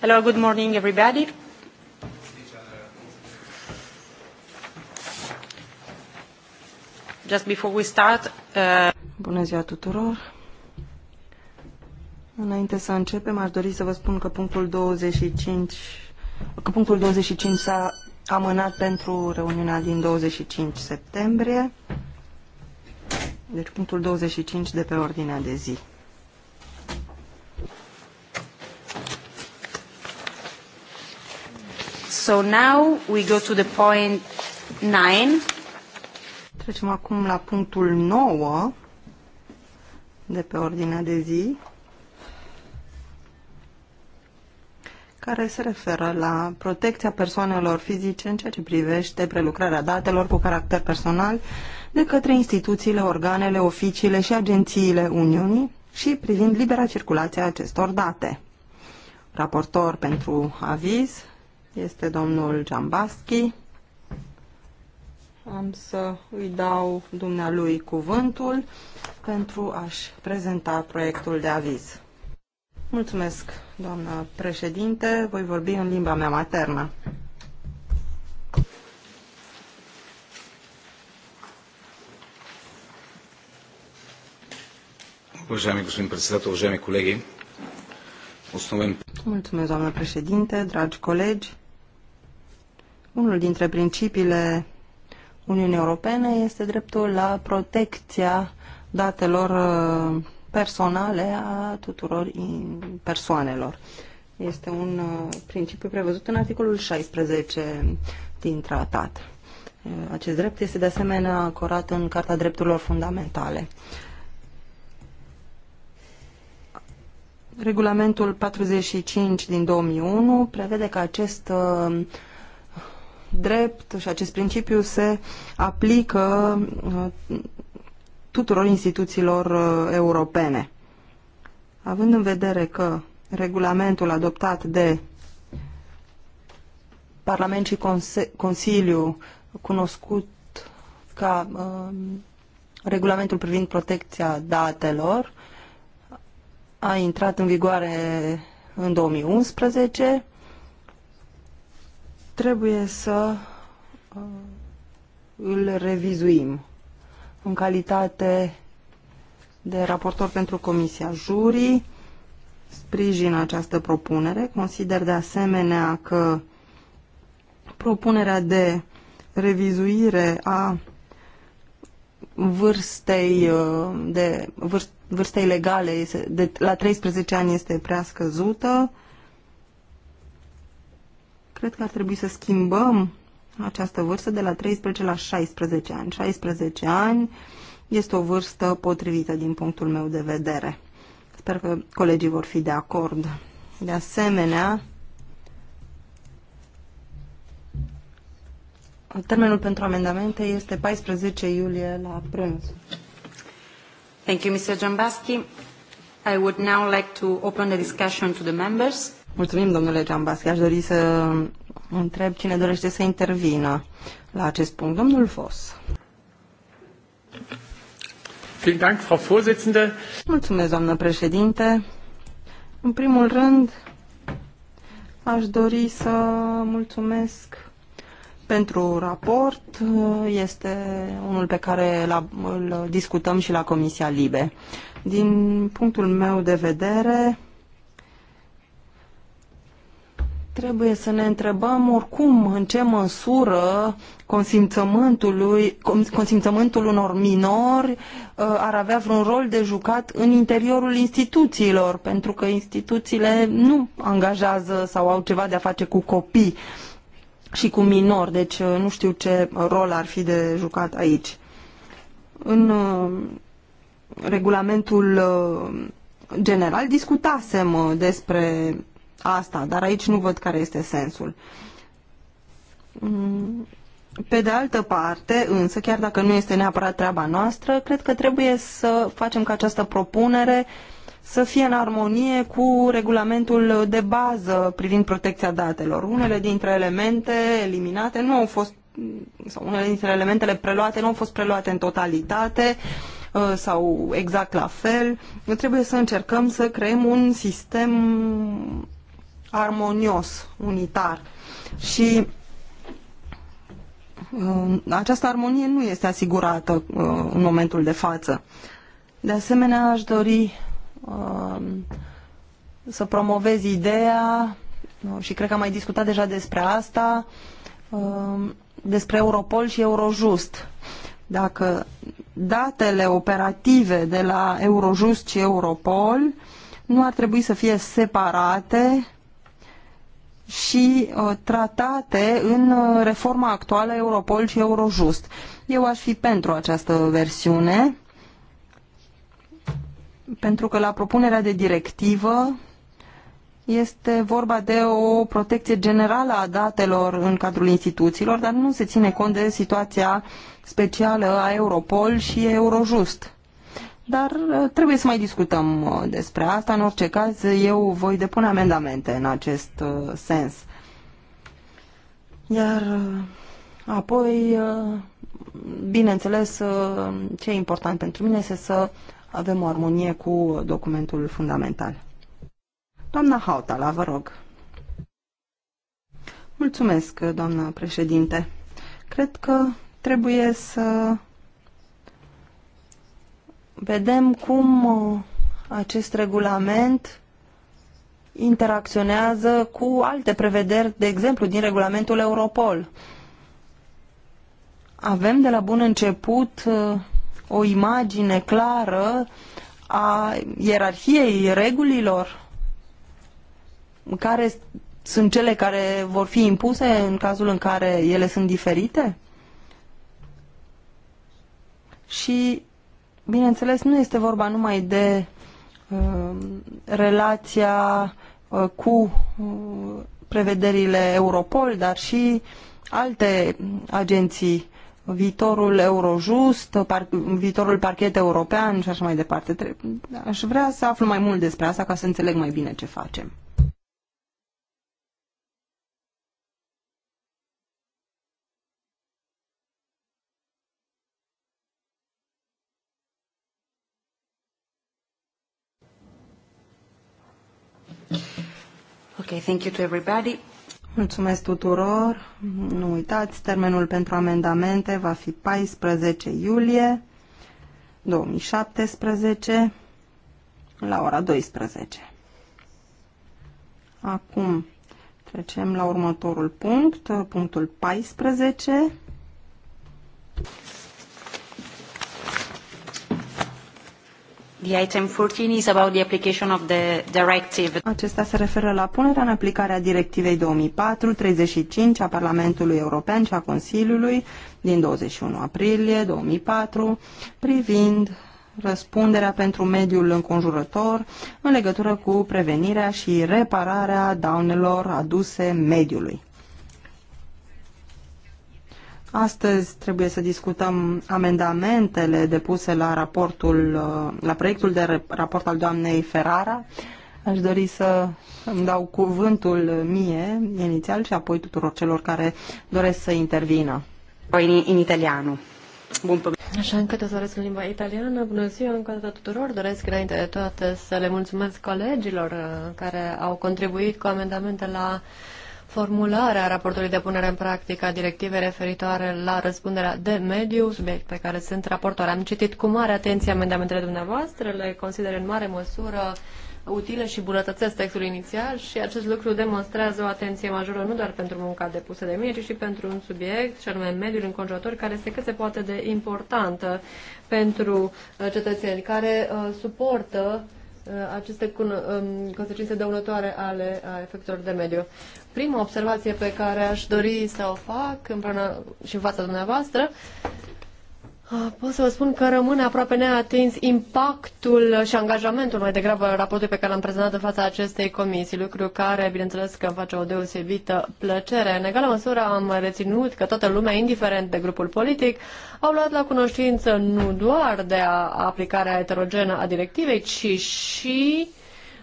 Hello, good morning, everybody. Just before we start, uh... Bună ziua tuturor. Înainte să începem, aș dori să vă spun că punctul 25 că punctul 25 s-a amânat pentru reuniunea din 25 septembrie. Deci punctul 25 de pe ordinea de zi. So now we go to the point 9. Trecem acum la punctul 9 de pe ordinea de zi, care se referă la protecția persoanelor fizice în ceea ce privește prelucrarea datelor cu caracter personal de către instituțiile, organele, oficiile și agențiile Uniunii și privind libera circulație a acestor date. Raportor pentru aviz este domnul Jambaschi. Am să îi dau dumnealui cuvântul pentru a-și prezenta proiectul de aviz. Mulțumesc, doamnă președinte. Voi vorbi în limba mea maternă. Уважаеми господин председател, уважаеми колеги, основен... Mulțumesc, doamnă președinte, dragi colegi. Unul dintre principiile Uniunii Europene este dreptul la protecția datelor uh, personale a tuturor persoanelor. Este un uh, principiu prevăzut în articolul 16 din tratat. Uh, acest drept este de asemenea ancorat în Carta Drepturilor Fundamentale. Regulamentul 45 din 2001 prevede că acest uh, drept și acest principiu se aplică uh, tuturor instituțiilor uh, europene. Având în vedere că regulamentul adoptat de Parlament și Conse Consiliu, cunoscut ca regulamentul privind protecția datelor, a intrat în vigoare în 2011. Trebuie să uh, îl revizuim în calitate de raportor pentru Comisia Jurii. Sprijin această propunere. Consider de asemenea că propunerea de revizuire a vârstei uh, de vârst, Vârsta legale de la 13 ani este prea scăzută. Cred că ar trebui să schimbăm această vârstă de la 13 la 16 ani. 16 ani este o vârstă potrivită din punctul meu de vedere. Sper că colegii vor fi de acord. De asemenea, termenul pentru amendamente este 14 iulie la prânz. Thank you, Mr. Jambaski. I would now like to open the discussion to the members. Mulțumim, domnule Giambaschi. Aș dori să întreb cine dorește să intervină la acest punct. Domnul Fos. Mulțumesc, doamnă președinte. În primul rând, aș dori să mulțumesc pentru raport uh, este unul pe care îl discutăm și la Comisia Libe. Din punctul meu de vedere, trebuie să ne întrebăm oricum în ce măsură consimțământului, consimțământul unor minori uh, ar avea vreun rol de jucat în interiorul instituțiilor, pentru că instituțiile nu angajează sau au ceva de a face cu copii și cu minor, deci uh, nu știu ce rol ar fi de jucat aici. În uh, regulamentul uh, general discutasem despre asta, dar aici nu văd care este sensul. Mm, pe de altă parte, însă, chiar dacă nu este neapărat treaba noastră, cred că trebuie să facem ca această propunere uh, să fie în armonie cu regulamentul de bază privind protecția datelor. Unele dintre elemente eliminate nu au fost sau unele dintre elementele preluate nu au fost preluate în totalitate uh, sau exact la fel. Trebuie să încercăm să creăm un sistem armonios, unitar. Și uh, această armonie nu este asigurată uh, în momentul de față. De asemenea, aș dori Um, să promovezi ideea și cred că am mai discutat deja despre asta, um, despre Europol și Eurojust. Dacă datele operative de la Eurojust și Europol nu ar trebui să fie separate și uh, tratate în uh, reforma actuală Europol și Eurojust. Eu aș fi pentru această versiune pentru că la propunerea de directivă este vorba de o protecție generală a datelor în cadrul instituțiilor, dar nu se ține cont de situația specială a Europol și Eurojust. Dar uh, trebuie să mai discutăm uh, despre asta. În orice caz, eu voi depune amendamente în acest uh, sens. Iar apoi, bineînțeles, ce e important pentru mine este să avem o armonie cu documentul fundamental. Doamna Hautala, vă rog. Mulțumesc, doamna președinte. Cred că trebuie să vedem cum uh, acest regulament interacționează cu alte prevederi, de exemplu, din regulamentul Europol. Avem de la bun început uh, o imagine clară a ierarhiei regulilor care sunt cele care vor fi impuse în cazul în care ele sunt diferite? Și, bineînțeles, nu este vorba numai de uh, relația uh, cu uh, prevederile Europol, dar și alte agenții viitorul Eurojust, par, viitorul parchet european și așa mai departe. Aș vrea să aflu mai mult despre asta ca să înțeleg mai bine ce facem. Okay, thank you to everybody. Mulțumesc tuturor. Nu uitați, termenul pentru amendamente va fi 14 iulie 2017 la ora 12. Acum trecem la următorul punct, punctul 14. The item 14 is about the application of the directive. Acesta se referă la punerea în aplicare a directivei 2004-35 a Parlamentului European și a Consiliului din 21 aprilie 2004 privind răspunderea pentru mediul înconjurător în legătură cu prevenirea și repararea daunelor aduse mediului. Astăzi trebuie să discutăm amendamentele depuse la raportul, uh, la proiectul de raport al doamnei Ferrara. Aș dori să îmi dau cuvântul mie inițial și apoi tuturor celor care doresc să intervină. În, în italianu. Bun Așa încă te să în limba italiană. Bună ziua încă de tuturor. Doresc înainte de toate să le mulțumesc colegilor uh, care au contribuit cu amendamente la uh, formularea raportului de punere în practică a directivei referitoare la răspunderea de mediu, subiect pe care sunt raportor. Am citit cu mare atenție amendamentele dumneavoastră, le consider în mare măsură utile și bunătățesc textul inițial și acest lucru demonstrează o atenție majoră nu doar pentru munca depusă de mine, ci și pentru un subiect, și anume mediul înconjurător, care este cât se poate de important pentru uh, cetățeni care uh, suportă Uh, aceste um, consecințe dăunătoare ale efectelor de mediu. Prima observație pe care aș dori să o fac împreună și în fața dumneavoastră Ah, pot să vă spun că rămâne aproape neatins impactul și angajamentul mai degrabă raportului pe care l-am prezentat în fața acestei comisii, lucru care, bineînțeles, că îmi face o deosebită plăcere. În egală măsură am reținut că toată lumea, indiferent de grupul politic, au luat la cunoștință nu doar de aplicarea heterogenă a directivei, ci și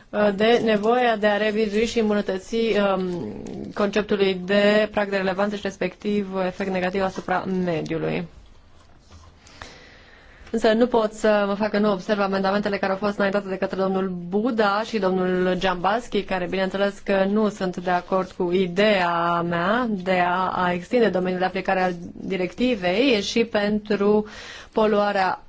uh, de nevoia de a revizui și îmbunătăți um, conceptului de prag de relevanță și respectiv efect negativ asupra mediului însă nu pot să mă fac că nu observ amendamentele care au fost înaintate de către domnul Buda și domnul Giambaschi, care bineînțeles că nu sunt de acord cu ideea mea de a, extinde domeniul de aplicare al directivei și pentru poluarea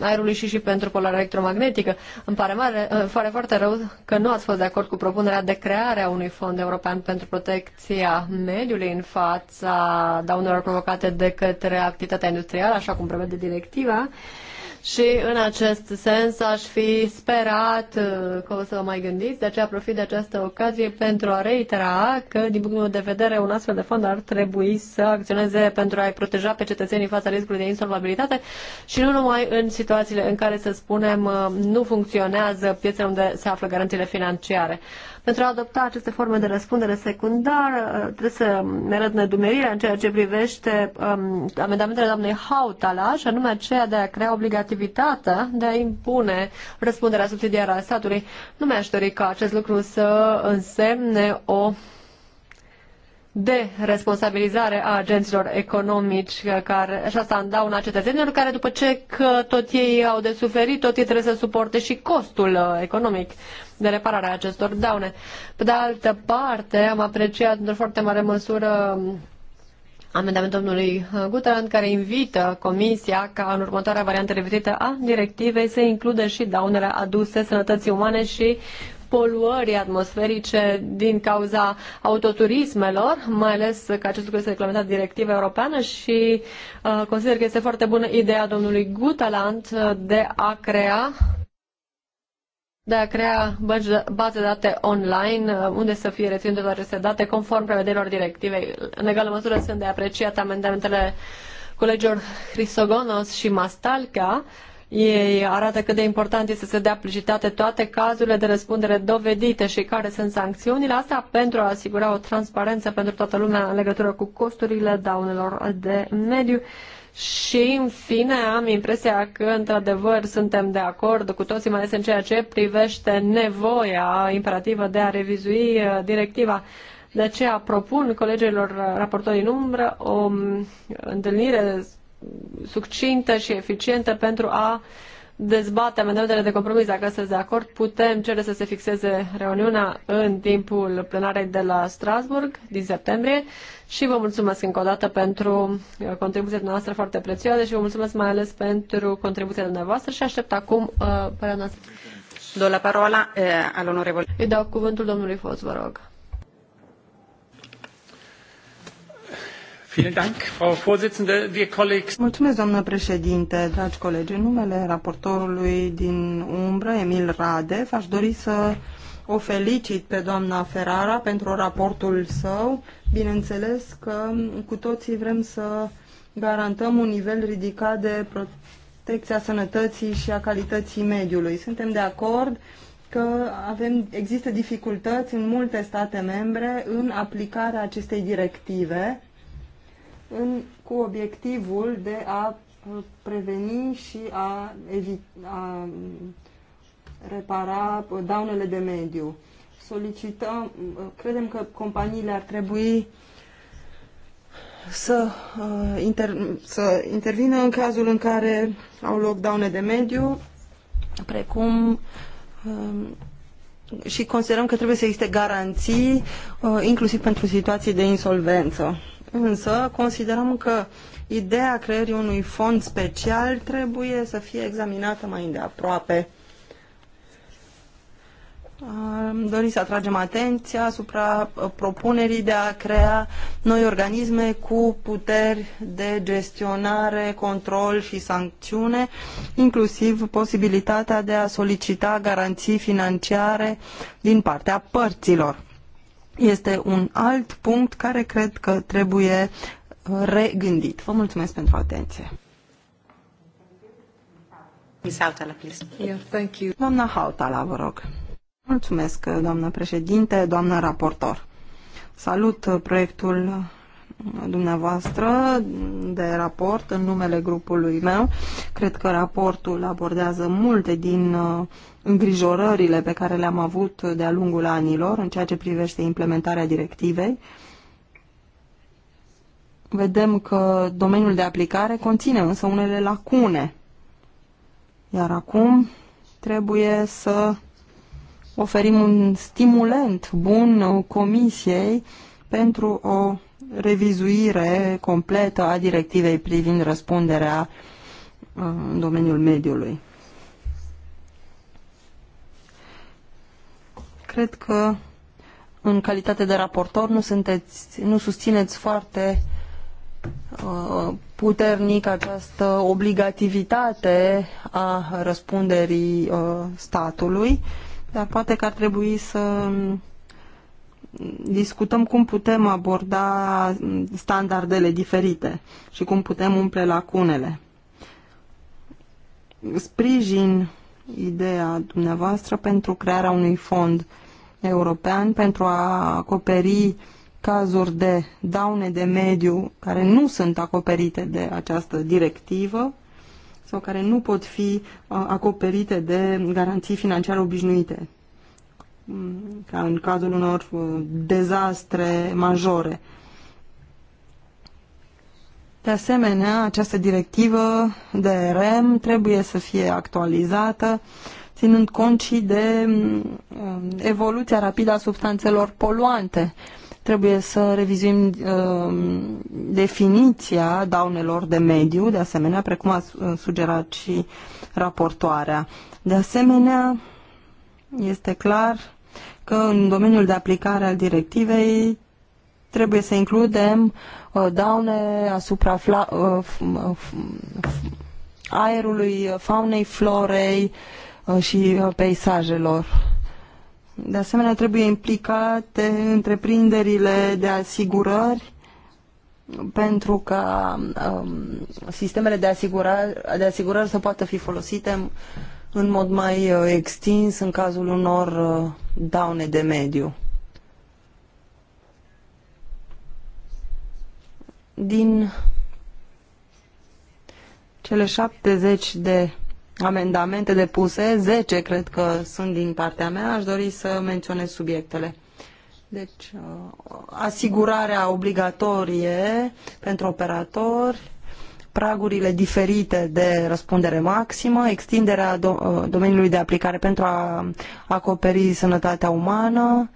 aerului și și pentru poluarea electromagnetică. Îmi pare mare, foarte, eh, foarte rău că nu ați fost de acord cu propunerea de creare a unui fond european pentru protecția mediului în fața daunelor provocate de către activitatea industrială, așa cum prevede directiva și în acest sens aș fi sperat uh, că o să o mai gândiți, de aceea profit de această ocazie pentru a reitera că, din punctul meu de vedere, un astfel de fond ar trebui să acționeze pentru a-i proteja pe cetățenii fața riscului de insolvabilitate și nu numai în situațiile în care, să spunem, uh, nu funcționează piețele unde se află garanțiile financiare. Pentru a adopta aceste forme de răspundere secundară, uh, trebuie să ne arăt nedumerirea în ceea ce privește um, amendamentele doamnei Hautala, și anume aceea de a crea obligativitatea de a impune răspunderea subsidiară a statului. Nu mi-aș dori ca acest lucru să însemne o de responsabilizare a agenților economici uh, care, și asta în dauna cetățenilor care după ce că tot ei au de suferit, tot ei trebuie să suporte și costul uh, economic de reparare acestor daune. Pe de altă parte, am apreciat într-o foarte mare măsură amendamentul domnului Guterand care invită Comisia ca în următoarea variantă revizită a directivei să includă și daunele aduse sănătății umane și poluării atmosferice din cauza autoturismelor, mai ales că acest lucru este reglementat directiva europeană și uh, consider că este foarte bună ideea domnului Gutaland de a crea de a crea baze de date online uh, unde să fie reținute doar aceste date conform prevederilor directivei. În egală măsură sunt de apreciat amendamentele colegilor Hrisogonos și Mastalca. Ei arată cât de important este să se dea publicitate toate cazurile de răspundere dovedite și care sunt sancțiunile, asta pentru a asigura o transparență pentru toată lumea în legătură cu costurile daunelor de mediu și, în fine, am impresia că, într-adevăr, suntem de acord cu toții, mai ales în ceea ce privește nevoia imperativă de a revizui uh, directiva. De aceea propun colegilor raportorii în umbră o um, întâlnire succintă și eficientă pentru a uh, dezbatem în de compromis. Dacă sunteți de acord, putem cere să se fixeze reuniunea în timpul plenarei de la Strasburg din septembrie și vă mulțumesc încă o dată pentru uh, contribuția noastră foarte prețioasă și vă mulțumesc mai ales pentru contribuția dumneavoastră și aștept acum uh, părerea noastră. Do la parola eh, al onorevole. Îi dau cuvântul domnului Fos, vă rog. Mulțumesc, doamnă președinte, dragi colegi. În numele raportorului din umbră, Emil Radev, aș dori să o felicit pe doamna Ferrara pentru raportul său. Bineînțeles că cu toții vrem să garantăm un nivel ridicat de protecția sănătății și a calității mediului. Suntem de acord că avem, există dificultăți în multe state membre în aplicarea acestei directive în, cu obiectivul de a preveni și a, evita, a repara daunele de mediu. Solicităm, credem că companiile ar trebui să, uh, inter, să intervină în cazul în care au loc daune de mediu, precum um, și considerăm că trebuie să existe garanții, uh, inclusiv pentru situații de insolvență. Însă considerăm că ideea creării unui fond special trebuie să fie examinată mai îndeaproape. Am dorit să atragem atenția asupra uh, propunerii de a crea noi organisme cu puteri de gestionare, control și sancțiune, inclusiv posibilitatea de a solicita garanții financiare din partea părților este un alt punct care cred că trebuie uh, regândit. Vă mulțumesc pentru atenție. Doamna Hautala, vă rog. Mulțumesc, doamnă președinte, doamnă raportor. Salut uh, proiectul dumneavoastră de raport în numele grupului meu. Cred că raportul abordează multe din uh, îngrijorările pe care le-am avut de-a lungul anilor în ceea ce privește implementarea directivei. Vedem că domeniul de aplicare conține însă unele lacune. Iar acum trebuie să oferim un stimulent bun uh, comisiei pentru o revizuire completă a directivei privind răspunderea uh, în domeniul mediului. Cred că în calitate de raportor nu, sunteți, nu susțineți foarte uh, puternic această obligativitate a răspunderii uh, statului, dar poate că ar trebui să discutăm cum putem aborda standardele diferite și cum putem umple lacunele. Sprijin ideea dumneavoastră pentru crearea unui fond european pentru a acoperi cazuri de daune de mediu care nu sunt acoperite de această directivă sau care nu pot fi uh, acoperite de garanții financiare obișnuite ca în cazul unor uh, dezastre majore. De asemenea, această directivă de REM trebuie să fie actualizată, ținând cont și de um, evoluția rapidă a substanțelor poluante. Trebuie să revizuim uh, definiția daunelor de mediu, de asemenea, precum a sugerat și raportoarea. De asemenea, este clar că în domeniul de aplicare al directivei trebuie să includem uh, daune asupra uh, uh, aerului, faunei, florei și peisajelor. De asemenea, trebuie implicate întreprinderile de asigurări pentru ca um, sistemele de, asigurări de asigurări să poată fi folosite în mod mai uh, extins în cazul unor uh, daune de mediu. Din cele 70 de amendamente depuse, 10 cred că sunt din partea mea, aș dori să menționez subiectele. Deci, uh, asigurarea obligatorie pentru operatori, pragurile diferite de răspundere maximă, extinderea do- uh, domeniului de aplicare pentru a acoperi sănătatea umană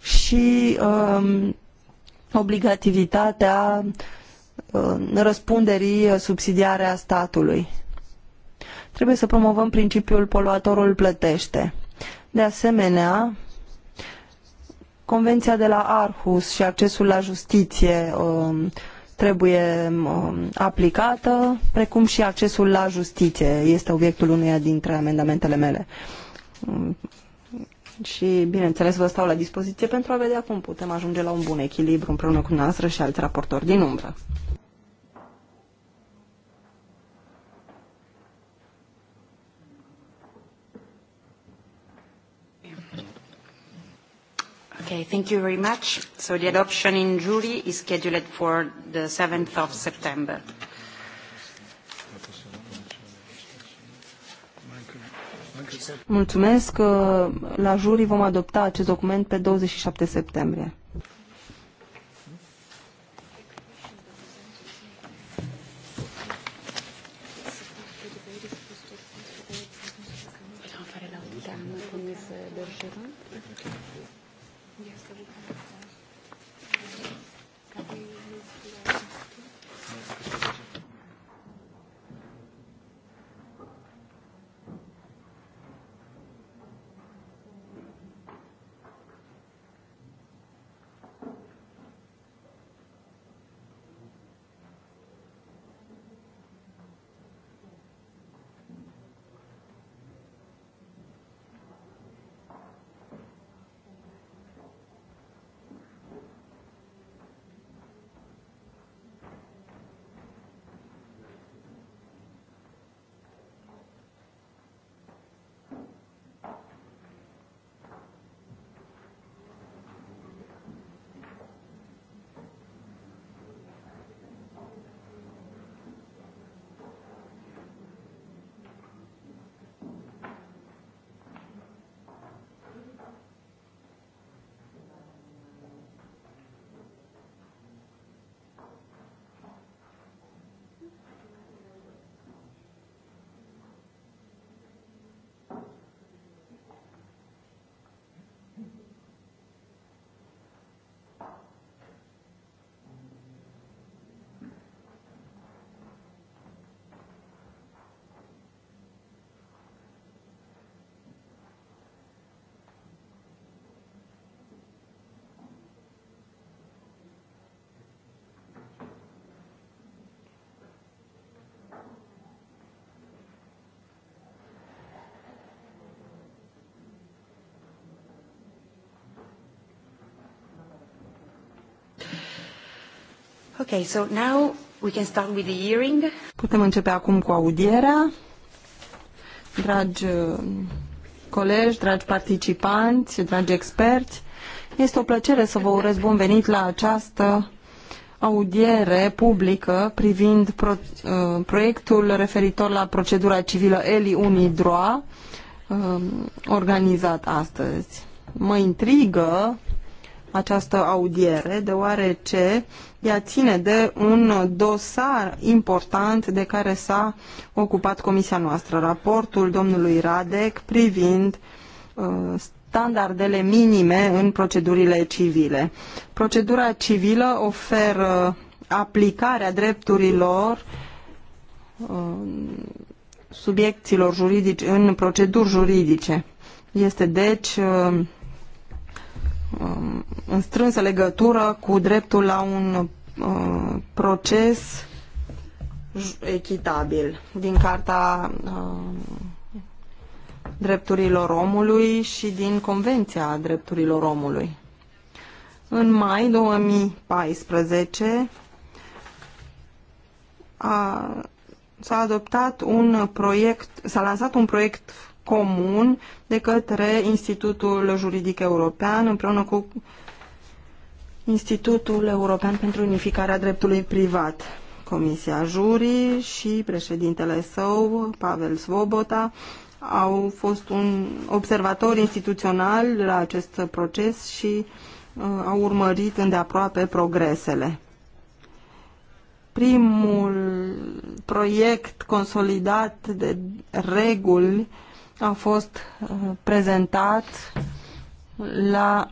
și um, obligativitatea um, răspunderii subsidiare a statului. Trebuie să promovăm principiul poluatorul plătește. De asemenea, Convenția de la Arhus și accesul la justiție um, trebuie um, aplicată, precum și accesul la justiție. Este obiectul unuia dintre amendamentele mele. Mm. Și, bineînțeles, vă stau la dispoziție pentru a vedea cum putem ajunge la un bun echilibru împreună cu noastră și alți raportori din umbră. Okay, thank you very much. So the adoption in jury is scheduled for the 7th of September. Mulțumesc. Uh, la jurii vom adopta acest document pe 27 septembrie. Okay, so now we can start with the hearing. Putem începe acum cu audierea. Dragi uh, colegi, dragi participanți, dragi experți, este o plăcere să vă urez bun venit la această audiere publică privind pro, uh, proiectul referitor la procedura civilă ELI UNIDROA uh, organizat astăzi. Mă intrigă această audiere, deoarece ea ține de un dosar important de care s-a ocupat comisia noastră, raportul domnului Radec privind uh, standardele minime în procedurile civile. Procedura civilă oferă aplicarea drepturilor uh, subiecților juridici în proceduri juridice. Este deci uh, Um, în strânsă legătură cu dreptul la un uh, proces echitabil din Carta uh, Drepturilor Omului și din Convenția Drepturilor Omului. În mai 2014 a, s-a adoptat un proiect, s-a lansat un proiect comun de către Institutul Juridic European împreună cu Institutul European pentru Unificarea Dreptului Privat. Comisia Jurii și președintele său, Pavel Svoboda, au fost un observator instituțional la acest proces și uh, au urmărit îndeaproape progresele. Primul proiect consolidat de reguli a fost uh, prezentat la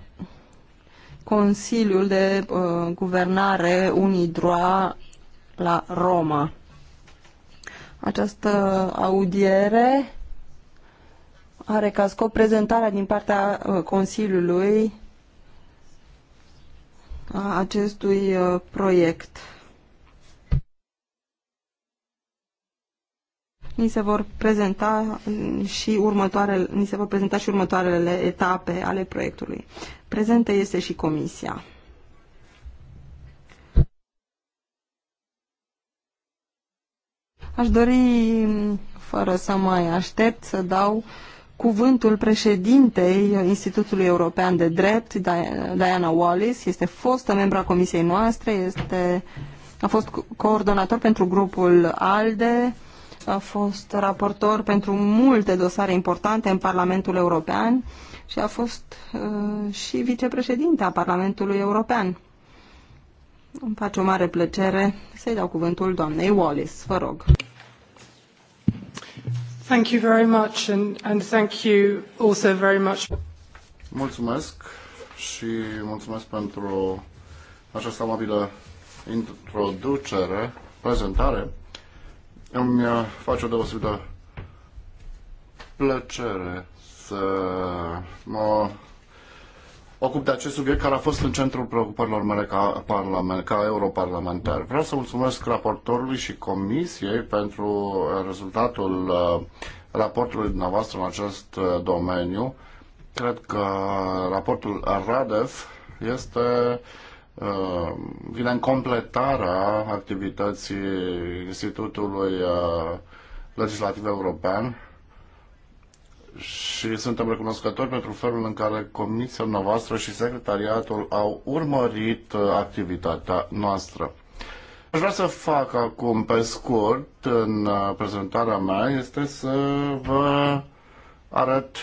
Consiliul de uh, Guvernare Unidroa la Roma. Această audiere are ca scop prezentarea din partea uh, Consiliului a acestui proiect. ni se vor prezenta și următoarele, ni se vor prezenta și următoarele etape ale proiectului. Prezentă este și comisia. Aș dori, fără să mai aștept, să dau cuvântul președintei Institutului European de Drept, Diana Wallis, este fostă membra comisiei noastre, este, a fost coordonator pentru grupul ALDE, a fost raportor pentru multe dosare importante în Parlamentul European și a fost uh, și vicepreședinte a Parlamentului European. Îmi face o mare plăcere să-i dau cuvântul doamnei Wallis. Vă rog. Thank you very much and, and thank you also very much. Mulțumesc și mulțumesc pentru această amabilă introducere, prezentare. Îmi uh, face o deosebită plăcere să mă ocup de acest subiect care a fost în centrul preocupărilor mele ca, parlament, ca europarlamentar. Vreau să mulțumesc raportorului și comisiei pentru rezultatul uh, raportului dumneavoastră în acest uh, domeniu. Cred că raportul Radev este Uh, vine în completarea activității Institutului uh, Legislativ European și suntem recunoscători pentru felul în care Comisia noastră și Secretariatul au urmărit uh, activitatea noastră. Aș vrea să fac acum, pe scurt, în prezentarea mea, este să vă arăt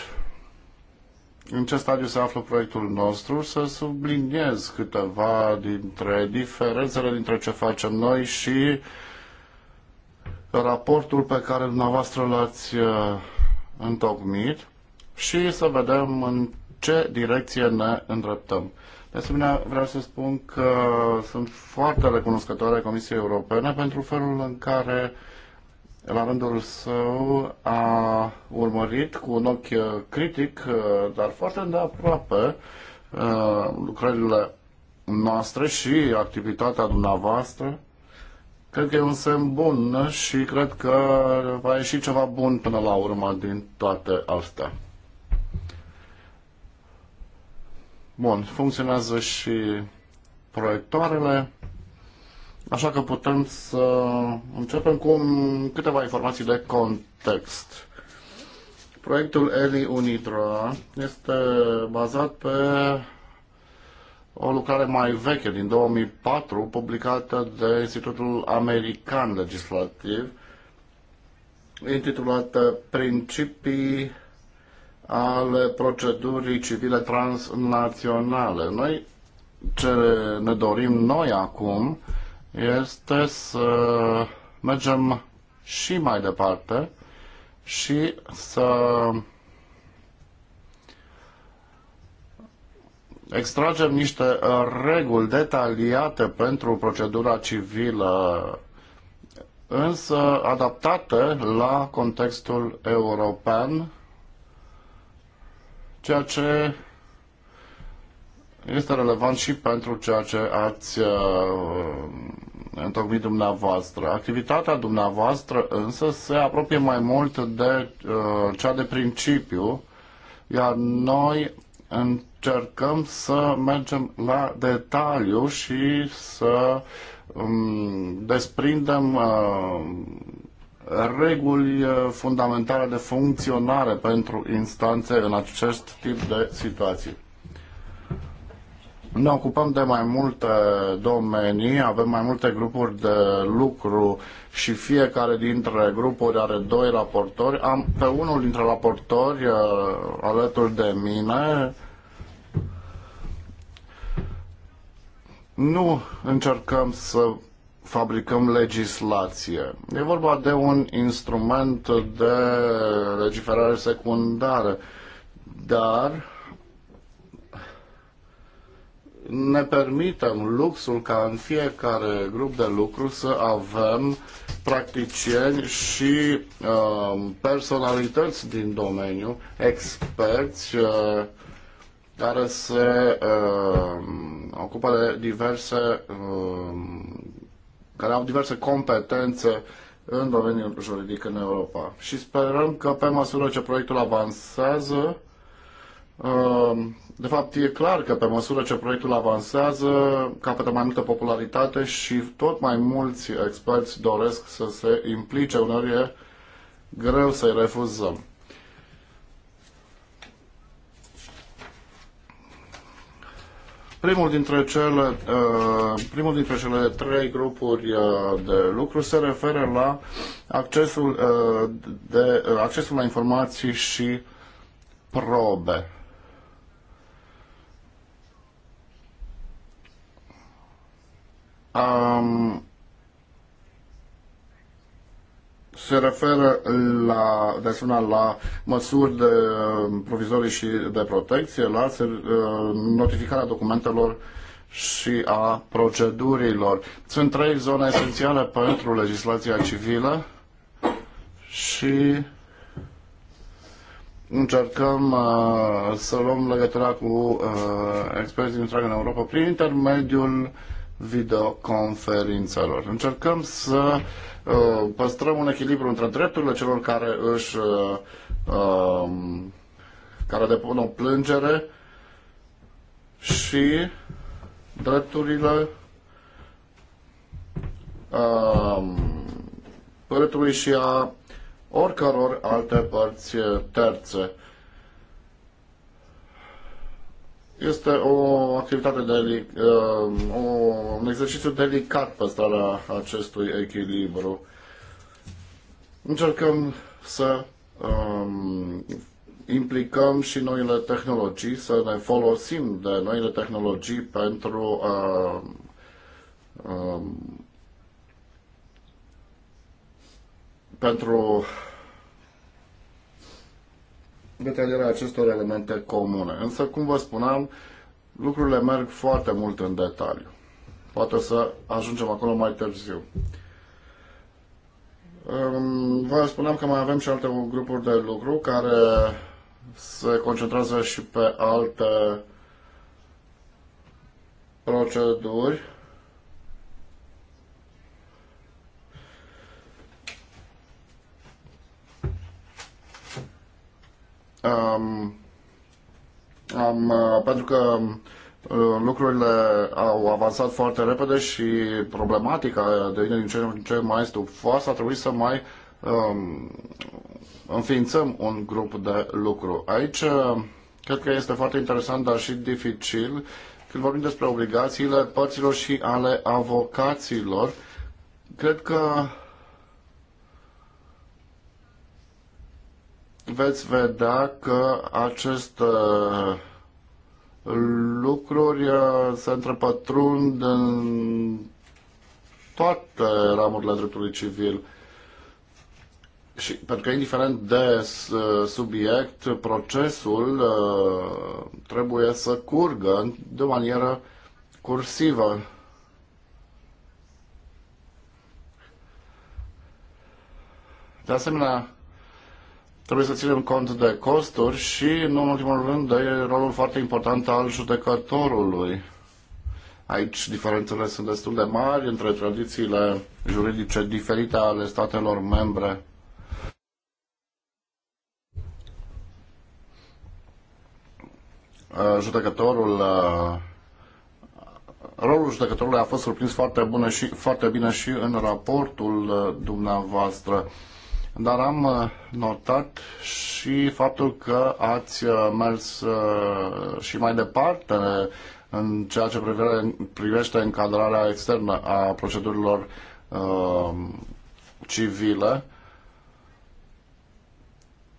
în ce stadiu se află proiectul nostru, să subliniez câteva dintre diferențele dintre ce facem noi și raportul pe care dumneavoastră l-ați uh, întocmit și să vedem în ce direcție ne îndreptăm. De asemenea, vreau să spun că sunt foarte recunoscătoare Comisiei Europene pentru felul în care la rândul său a urmărit cu un ochi uh, critic, uh, dar foarte îndeaproape, uh, lucrările noastre și activitatea dumneavoastră. Cred că e un semn bun și cred că va ieși ceva bun până la urmă din toate astea. Bun, funcționează și proiectoarele. Așa că putem să începem cu câteva informații de context. Proiectul ELI Unitra este bazat pe o lucrare mai veche din 2004 publicată de Institutul American Legislativ intitulată Principii ale procedurii civile transnaționale. Noi ce ne dorim noi acum este să mergem și mai departe și să extragem niște reguli detaliate pentru procedura civilă, însă adaptate la contextul european, ceea ce este relevant și pentru ceea ce ați uh, întocmit dumneavoastră. Activitatea dumneavoastră însă se apropie mai mult de uh, cea de principiu, iar noi încercăm să mergem la detaliu și să um, desprindem uh, reguli fundamentale de funcționare pentru instanțe în acest tip de situații. Ne ocupăm de mai multe domenii, avem mai multe grupuri de lucru și fiecare dintre grupuri are doi raportori. Am pe unul dintre raportori uh, alături de mine. Nu încercăm să fabricăm legislație. E vorba de un instrument de legiferare secundară, dar ne permitem luxul ca în fiecare grup de lucru să avem practicieni și uh, personalități din domeniu, experți uh, care se uh, ocupă de diverse uh, care au diverse competențe în domeniul juridic în Europa. Și sperăm că pe măsură ce proiectul avansează Ehm, de fapt, e clar că pe măsură ce proiectul avansează, capătă mai multă popularitate și tot mai mulți experți doresc să se implice. Uneori e greu să-i refuzăm. Primul dintre, cele, ehm, primul dintre cele trei grupuri eh, de lucru se referă la accesul, eh, de, eh, accesul la informații și probe. um, se referă la, de asemenea la măsuri de um, provizorii și de protecție, la uh, notificarea documentelor și a procedurilor. Sunt trei zone esențiale pentru legislația civilă și încercăm uh, să luăm legătura cu uh, experții din întreaga în Europa prin intermediul uh, videoconferințelor. Încercăm să uh, păstrăm un echilibru între drepturile celor care își uh, um, care depun o plângere și drepturile uh, și a oricăror alte părți uh, terțe. Este o activitate, delic, uh, o, un exercițiu delicat păstrarea acestui echilibru. Încercăm să um, implicăm și noile tehnologii, să ne folosim de noile tehnologii pentru a, uh, um, pentru detalierea acestor elemente comune. Însă, cum vă spuneam, lucrurile merg foarte mult în detaliu. Poate să ajungem acolo mai târziu. Vă spuneam că mai avem și alte grupuri de lucru care se concentrează și pe alte proceduri um, am, uh, pentru că uh, lucrurile au avansat foarte repede și problematica devine din ce în ce mai stufoasă, a trebuit să mai um, înființăm un grup de lucru. Aici uh, cred că este foarte interesant, dar și dificil, când vorbim despre obligațiile părților și ale avocaților. Cred că veți vedea că aceste lucruri uh, se întrepătrund în toate ramurile dreptului civil. Și, pentru că, indiferent de uh, subiect, procesul uh, trebuie să curgă de o manieră cursivă. De asemenea, Trebuie să ținem cont de costuri și, nu în ultimul rând, de rolul foarte important al judecătorului. Aici diferențele sunt destul de mari între tradițiile juridice diferite ale statelor membre. Uh, judecătorul uh, rolul judecătorului a fost surprins foarte, bună și, foarte bine și în raportul uh, dumneavoastră dar am uh, notat și faptul că ați uh, mers uh, și mai departe în ceea ce privește încadrarea externă a procedurilor civile.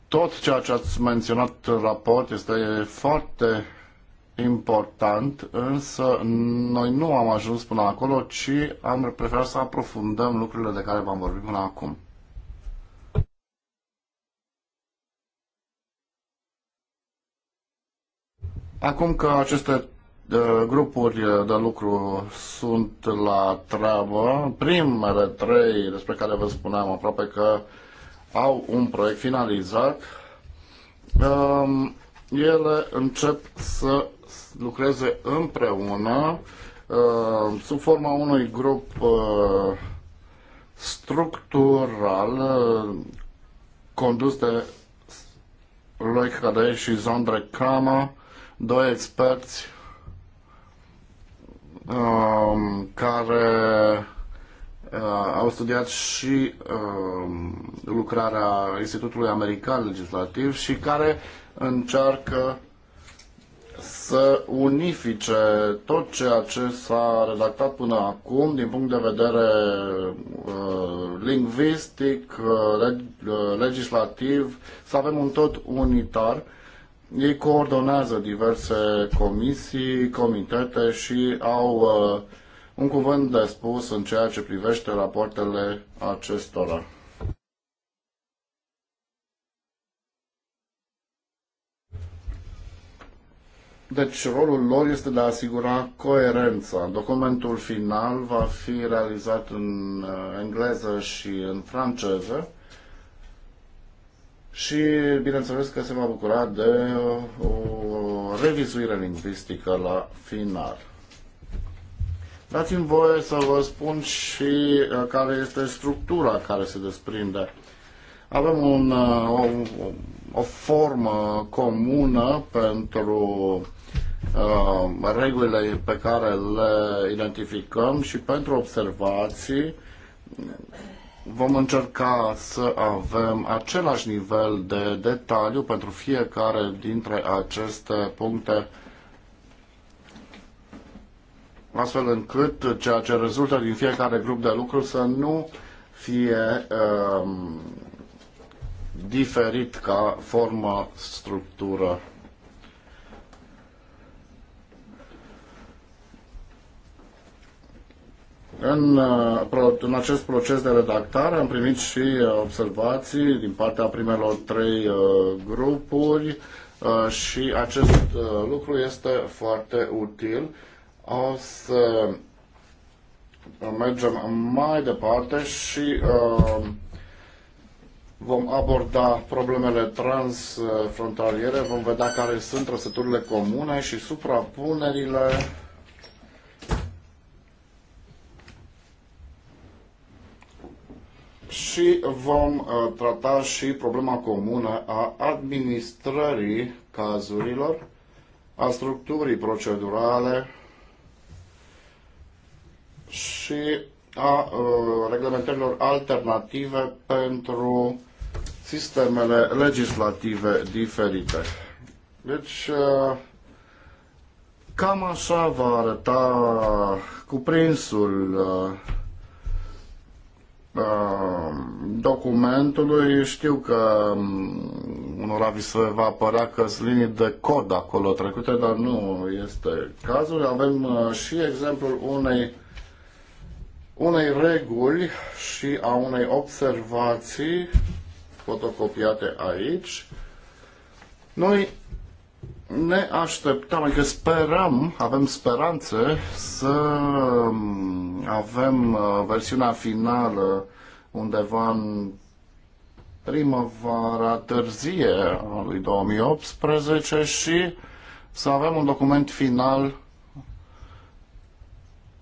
Tot ceea ce ați menționat în raport este foarte important, însă noi nu am ajuns până acolo, ci am preferat să aprofundăm lucrurile de care v-am vorbit până acum. Acum că aceste uh, grupuri uh, de lucru sunt la treabă, primele trei despre care vă spuneam aproape că au un proiect finalizat, um, ele încep să lucreze împreună uh, sub forma unui grup structural condus de Loic Cadei și Zandre Kama, doi experți um, care uh, au studiat și um, lucrarea Institutului American Legislativ și care încearcă să unifice tot ceea ce s-a redactat până acum din punct de vedere uh, lingvistic, uh, uh legislativ, să avem un tot unitar ei coordonează diverse comisii, comitete și au uh, un cuvânt de spus în ceea ce privește rapoartele acestora. Deci rolul lor este de a asigura coerența. Documentul final va fi realizat în uh, engleză și în franceză și bineînțeles că se va bucura de uh, o revizuire lingvistică la final. Dați-mi voie să vă spun și uh, care este structura care se desprinde. Avem un, uh, o, o formă comună pentru uh, regulile pe care le identificăm și pentru observații vom încerca să avem același nivel de detaliu pentru fiecare dintre aceste puncte, astfel încât ceea ce rezultă din fiecare grup de lucru să nu fie um, diferit ca formă, structură În, uh, în acest proces de redactare am primit și uh, observații din partea primelor trei uh, grupuri și acest lucru este foarte util. O să mergem mai departe și vom aborda problemele transfrontaliere, vom vedea care sunt trăsăturile comune și suprapunerile și vom uh, trata și problema comună a administrării cazurilor, a structurii procedurale și a uh, reglementărilor alternative pentru sistemele legislative diferite. Deci, uh, cam așa va arăta cuprinsul Uh, documentului. Știu că um, unora vi se va părea că sunt linii de cod acolo trecute, dar nu este cazul. Avem uh, și exemplul unei, unei reguli și a unei observații fotocopiate aici. Noi ne așteptam, adică speram, avem speranțe să mm, avem uh, versiunea finală undeva în primăvara târzie a lui 2018 și să avem un document final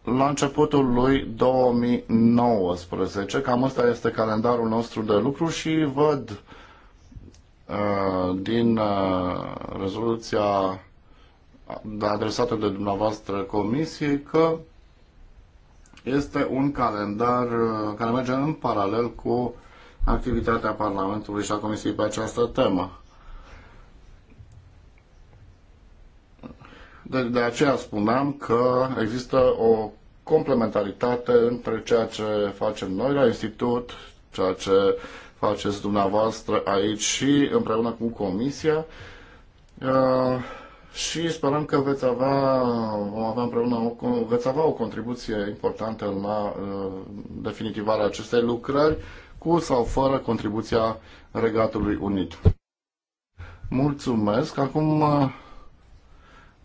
la începutul lui 2019. Cam ăsta este calendarul nostru de lucru și văd Uh, din uh, rezoluția adresată de dumneavoastră comisiei că este un calendar uh, care merge în paralel cu activitatea Parlamentului și a Comisiei pe această temă. De, de aceea spuneam că există o complementaritate între ceea ce facem noi la Institut, ceea ce faceți dumneavoastră aici și împreună cu Comisia uh, și sperăm că veți avea, vom avea împreună o, veți avea o contribuție importantă la uh, definitivarea acestei lucrări cu sau fără contribuția Regatului Unit. Mulțumesc. Acum uh,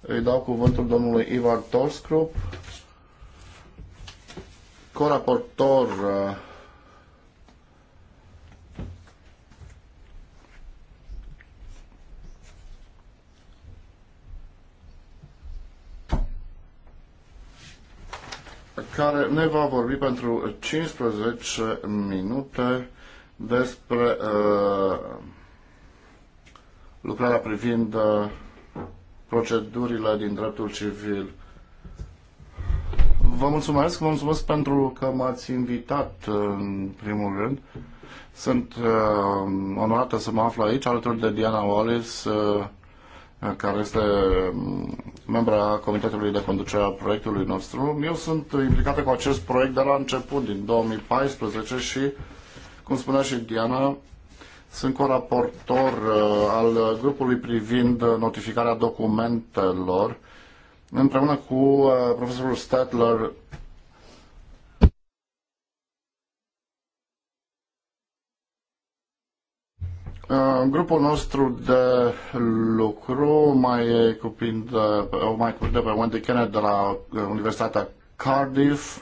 îi dau cuvântul domnului Ivar Torscrup, coraportor care ne va vorbi pentru 15 minute despre uh, lucrarea privind uh, procedurile din dreptul civil. Vă mulțumesc, vă mulțumesc pentru că m-ați invitat uh, în primul rând. Sunt uh, onorată să mă aflu aici alături de Diana Wallace, uh, care este mm, membra Comitetului de Conducere al proiectului nostru. Eu sunt implicată cu acest proiect de la început, din 2014 și, cum spunea și Diana, sunt coraportor uh, al grupului privind notificarea documentelor împreună cu uh, profesorul Stadler Uh, grupul nostru de lucru mai cuprinde, uh, mai cuprinde pe Wendy Kennedy de la uh, Universitatea Cardiff.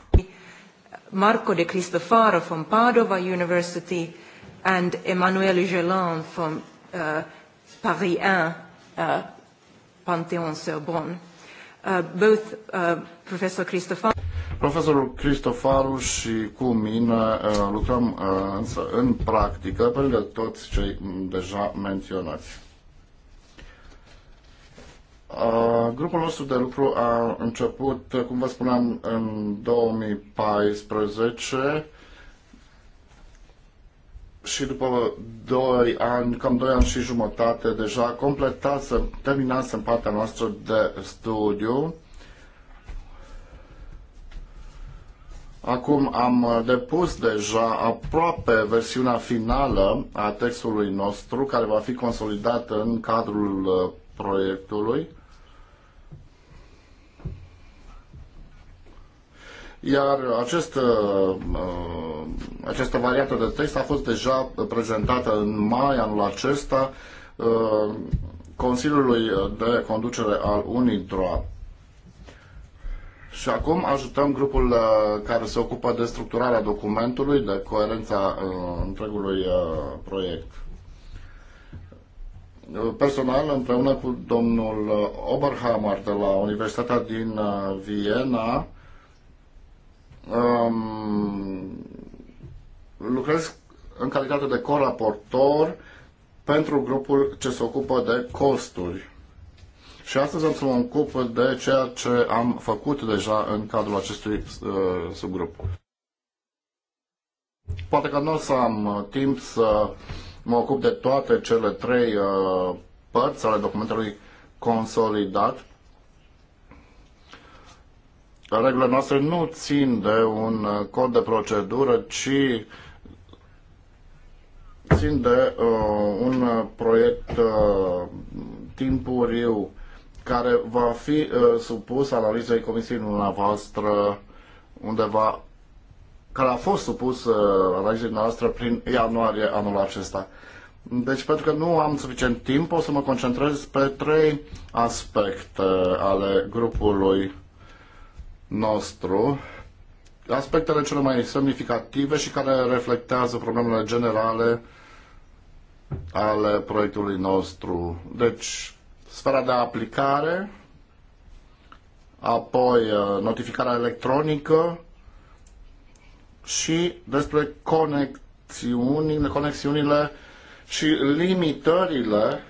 Marco de Cristofaro from Padova University and Emmanuel Gelan from uh, Paris 1 uh, Panthéon-Sorbonne. Uh, both uh, Professor Cristofaro Profesorul Cristofaru și cu mine uh, lucrăm uh, însă în practică pe lângă toți cei deja menționați. Uh, grupul nostru de lucru a început, cum vă spuneam, în 2014 și după 2 ani, cam 2 ani și jumătate, deja completasem, terminasem partea noastră de studiu Acum am uh, depus deja aproape versiunea finală a textului nostru, care va fi consolidat în cadrul uh, proiectului. Iar acest, uh, această variantă de text a fost deja prezentată în mai anul acesta Consiliului de Conducere al UNIDROA. Și acum ajutăm grupul uh, care se ocupă de structurarea documentului, de coerența uh, întregului uh, proiect. Personal, împreună cu domnul Oberhammer de la Universitatea din Viena, um, lucrez în calitate de coraportor pentru grupul ce se ocupă de costuri și astăzi am să mă ocup de ceea ce am făcut deja în cadrul acestui uh, subgrup. Poate că nu o să am uh, timp să mă ocup de toate cele trei uh, părți ale documentului consolidat. Regulile noastre nu țin de un uh, cod de procedură, ci țin de uh, un uh, proiect uh, timpuriu care va fi uh, supus analizei comisiei noastre undeva, care a fost supus uh, analizei noastre prin ianuarie anul acesta. Deci, pentru că nu am suficient timp, o să mă concentrez pe trei aspecte ale grupului nostru, aspectele cele mai semnificative și care reflectează problemele generale ale proiectului nostru. Deci, sfera de aplicare, apoi uh, notificarea electronică și despre conexiunile, conexiunile și limitările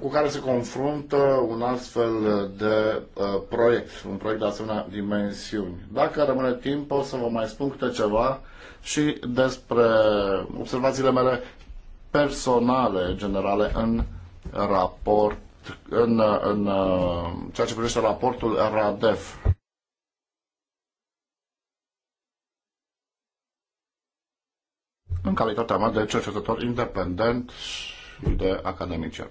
cu care se confruntă un astfel de uh, proiect, un proiect de asemenea dimensiuni. Dacă rămâne timp, o să vă mai spun câte ceva și despre observațiile mele personale, generale, în raport, în, în uh, ceea ce privește raportul RADEF. În calitatea mea de cercetător independent și de academician.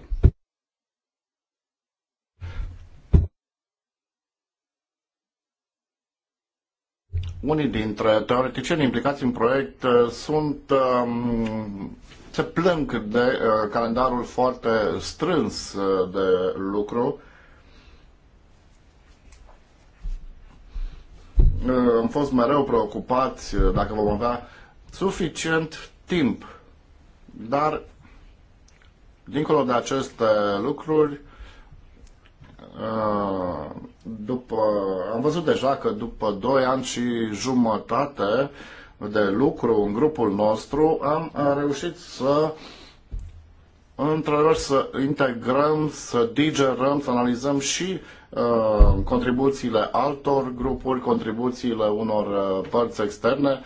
unii dintre teoreticieni implicați în proiect uh, sunt um, se plâng de uh, calendarul foarte strâns uh, de lucru. Uh, am fost mereu preocupați uh, dacă vom avea suficient timp, dar dincolo de aceste lucruri, uh, după, am văzut deja că după 2 ani și jumătate de lucru în grupul nostru, am reușit să într-adevăr să integrăm, să digerăm, să analizăm și uh, contribuțiile altor grupuri, contribuțiile unor uh, părți externe,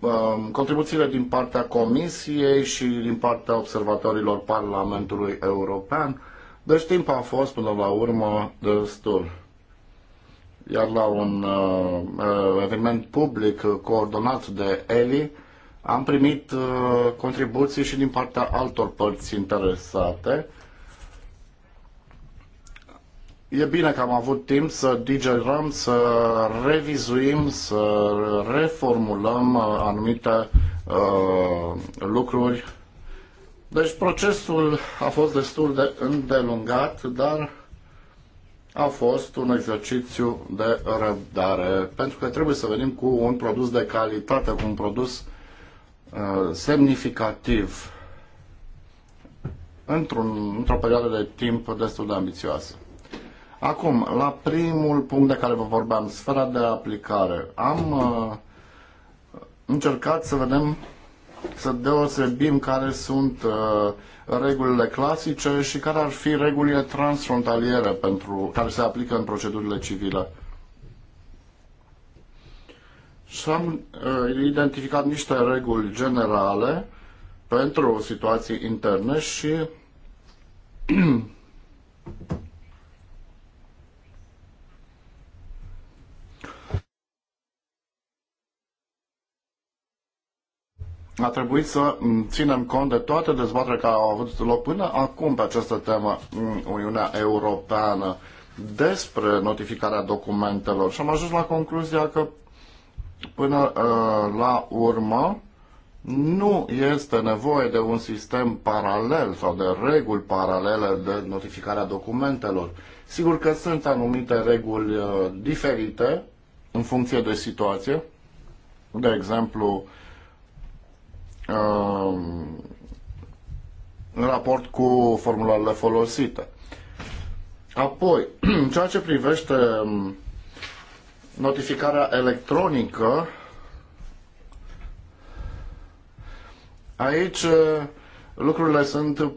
uh, contribuțiile din partea Comisiei și din partea observatorilor Parlamentului European. Deci timp a fost până la urmă destul. Iar la un uh, eveniment public coordonat de ELI am primit uh, contribuții și din partea altor părți interesate. E bine că am avut timp să digerăm, să revizuim, să reformulăm uh, anumite uh, lucruri. Deci procesul a fost destul de îndelungat, dar a fost un exercițiu de răbdare, pentru că trebuie să venim cu un produs de calitate, cu un produs uh, semnificativ într-un, într-o perioadă de timp destul de ambițioasă. Acum, la primul punct de care vă vorbeam, sfera de aplicare. Am uh, încercat să vedem să deosebim care sunt uh, regulile clasice și care ar fi regulile transfrontaliere pentru, care se aplică în procedurile civile. Și am uh, identificat niște reguli generale pentru situații interne și uh, a trebuit să mm, ținem cont de toate dezbaterile care au avut loc până acum pe această temă în Uniunea Europeană despre notificarea documentelor și am ajuns la concluzia că până uh, la urmă nu este nevoie de un sistem paralel sau de reguli paralele de notificarea documentelor. Sigur că sunt anumite reguli uh, diferite în funcție de situație. De exemplu, uh, în raport cu formularele folosite. Apoi, în ceea ce privește notificarea electronică, aici lucrurile sunt uh,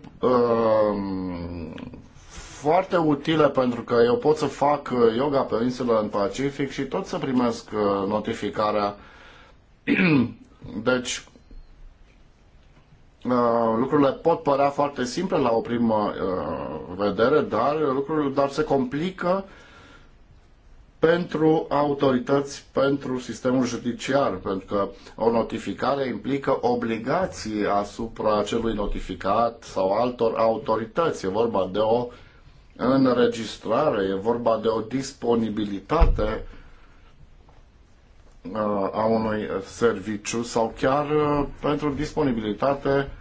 foarte utile pentru că eu pot să fac yoga pe insulă în Pacific și tot să primesc notificarea. Deci, Uh, lucrurile pot părea foarte simple la o primă uh, vedere, dar lucrurile dar se complică pentru autorități, pentru sistemul judiciar, pentru că o notificare implică obligații asupra celui notificat sau altor autorități. E vorba de o înregistrare, e vorba de o disponibilitate uh, Uh, a unui serviciu sau chiar uh, pentru disponibilitate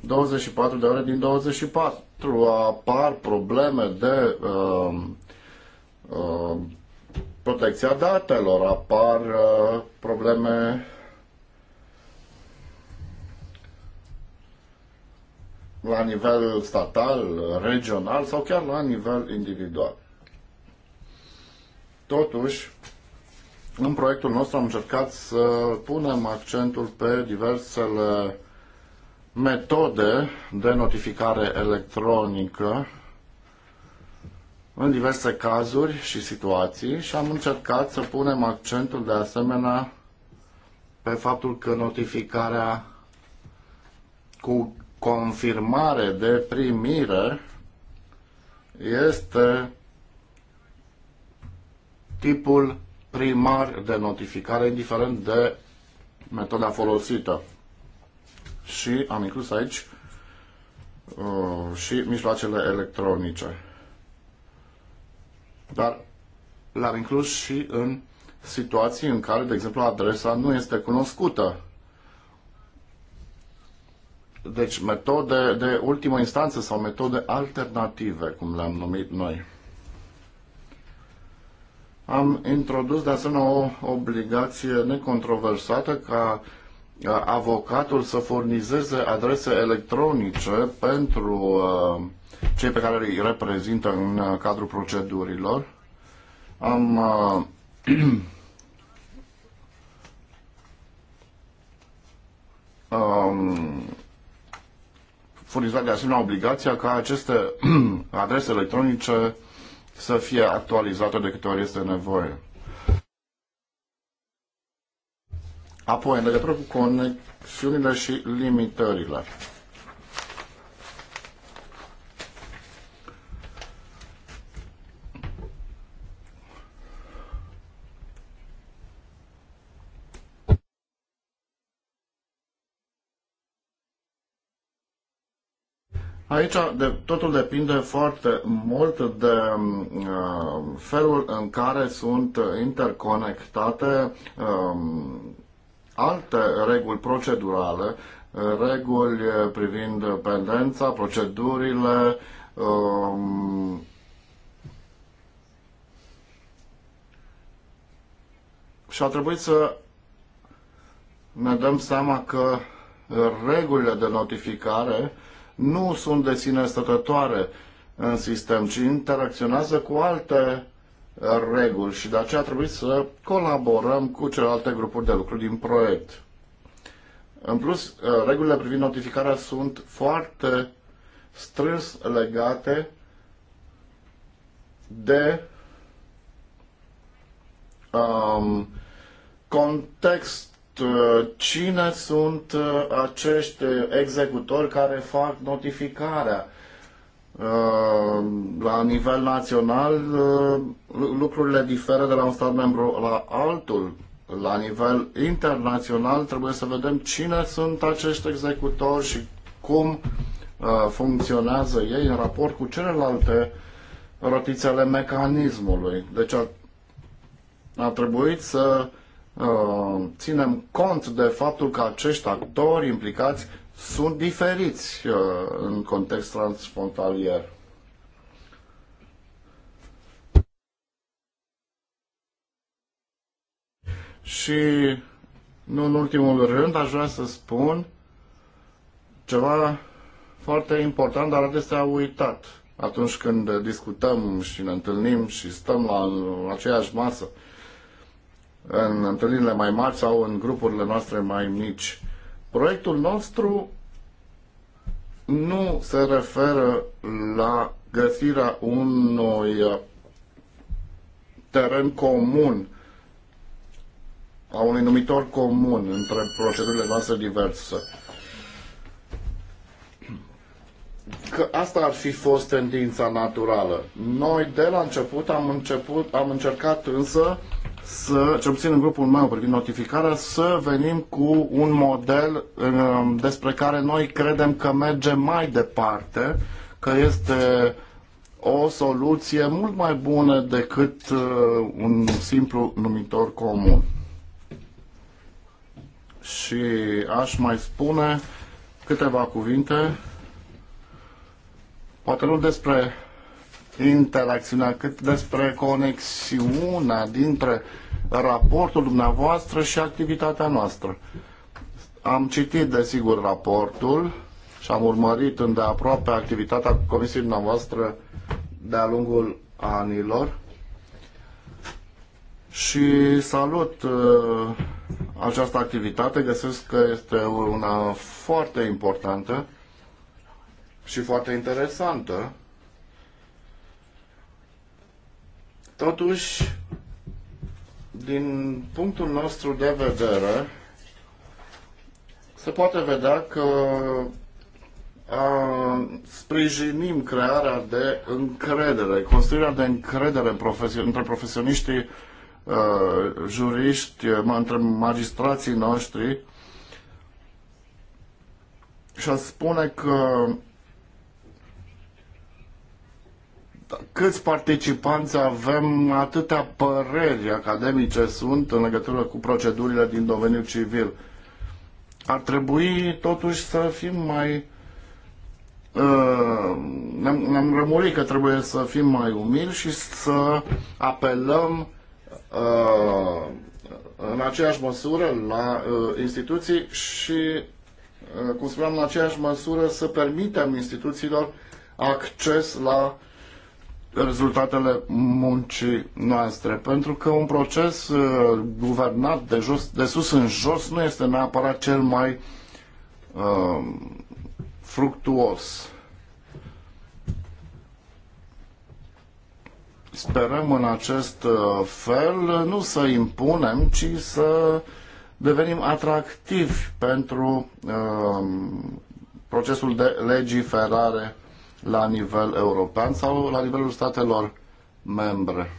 24 de ore din 24. Apar probleme de uh, uh, protecția datelor, apar uh, probleme la nivel statal, regional sau chiar la nivel individual. Totuși, în proiectul nostru am încercat să punem accentul pe diversele metode de notificare electronică în diverse cazuri și situații și am încercat să punem accentul de asemenea pe faptul că notificarea cu confirmare de primire este tipul primar de notificare, indiferent de metoda folosită. Și am inclus aici uh, și mijloacele electronice. Dar l-am inclus și în situații în care, de exemplu, adresa nu este cunoscută. Deci metode de ultimă instanță sau metode alternative, cum le-am numit noi. Am introdus de asemenea o obligație necontroversată ca uh, avocatul să furnizeze adrese electronice pentru uh, cei pe care îi reprezintă în uh, cadrul procedurilor. Am um, furnizat de asemenea obligația ca aceste adrese electronice să fie actualizată de câte ori este nevoie. Apoi, în legătură cu conexiunile și limitările. Aici de, totul depinde foarte mult de mm, uh, felul în care sunt interconectate uh, alte reguli procedurale, reguli privind pendența, procedurile, uh, și a trebuit să ne dăm seama că regulile de notificare uh, nu sunt de sine stătătoare în sistem, ci interacționează cu alte reguli și de aceea trebuie să colaborăm cu celelalte grupuri de lucru din proiect. În plus, uh, regulile privind notificarea sunt foarte strâns legate de um, context Uh, cine sunt uh, acești executori care fac notificarea. Uh, la nivel național, lucrurile diferă de la un stat membru la altul. La nivel internațional, trebuie să vedem cine sunt acești executori și cum funcționează ei în raport cu celelalte rotițele mecanismului. Deci a, a trebuit să Uh, ținem cont de faptul că acești actori implicați sunt diferiți uh, în context transfrontalier. Și, nu în ultimul rând, aș vrea să spun ceva foarte important, dar adesea uitat atunci când discutăm și ne întâlnim și stăm la aceeași masă. Uh, în întâlnirile mai mari sau în grupurile noastre mai mici. Proiectul nostru nu se referă la găsirea unui uh, teren comun, a unui numitor comun între procedurile noastre diverse. Că asta ar fi fost tendința naturală. Noi de la început am, început, am încercat însă să, cel puțin în grupul meu privind notificarea, să venim cu un model um, despre care noi credem că merge mai departe, că este o soluție mult mai bună decât uh, un simplu numitor comun. Și aș mai spune câteva cuvinte, poate nu despre interacțiunea, cât despre conexiunea dintre raportul dumneavoastră și activitatea noastră. Am citit, desigur, raportul și am urmărit îndeaproape activitatea comisiei dumneavoastră de-a lungul anilor și salut uh, această activitate. Găsesc că este una foarte importantă și foarte interesantă. Totuși, din punctul nostru de vedere, se poate vedea că a, sprijinim crearea de încredere, construirea de încredere profesio- între profesioniștii a, juriști, între magistrații noștri și a spune că câți participanți avem, atâtea păreri academice sunt în legătură cu procedurile din domeniul civil. Ar trebui totuși să fim mai uh, ne-am, ne-am rămurit că trebuie să fim mai umili și să apelăm uh, în aceeași măsură la uh, instituții și, uh, cum spuneam, în aceeași măsură să permitem instituțiilor acces la rezultatele muncii noastre, pentru că un proces uh, guvernat de, jos, de sus în jos nu este neapărat cel mai uh, fructuos. Sperăm în acest uh, fel nu să impunem, ci să devenim atractivi pentru uh, procesul de legiferare la nivel european sau la nivelul statelor membre.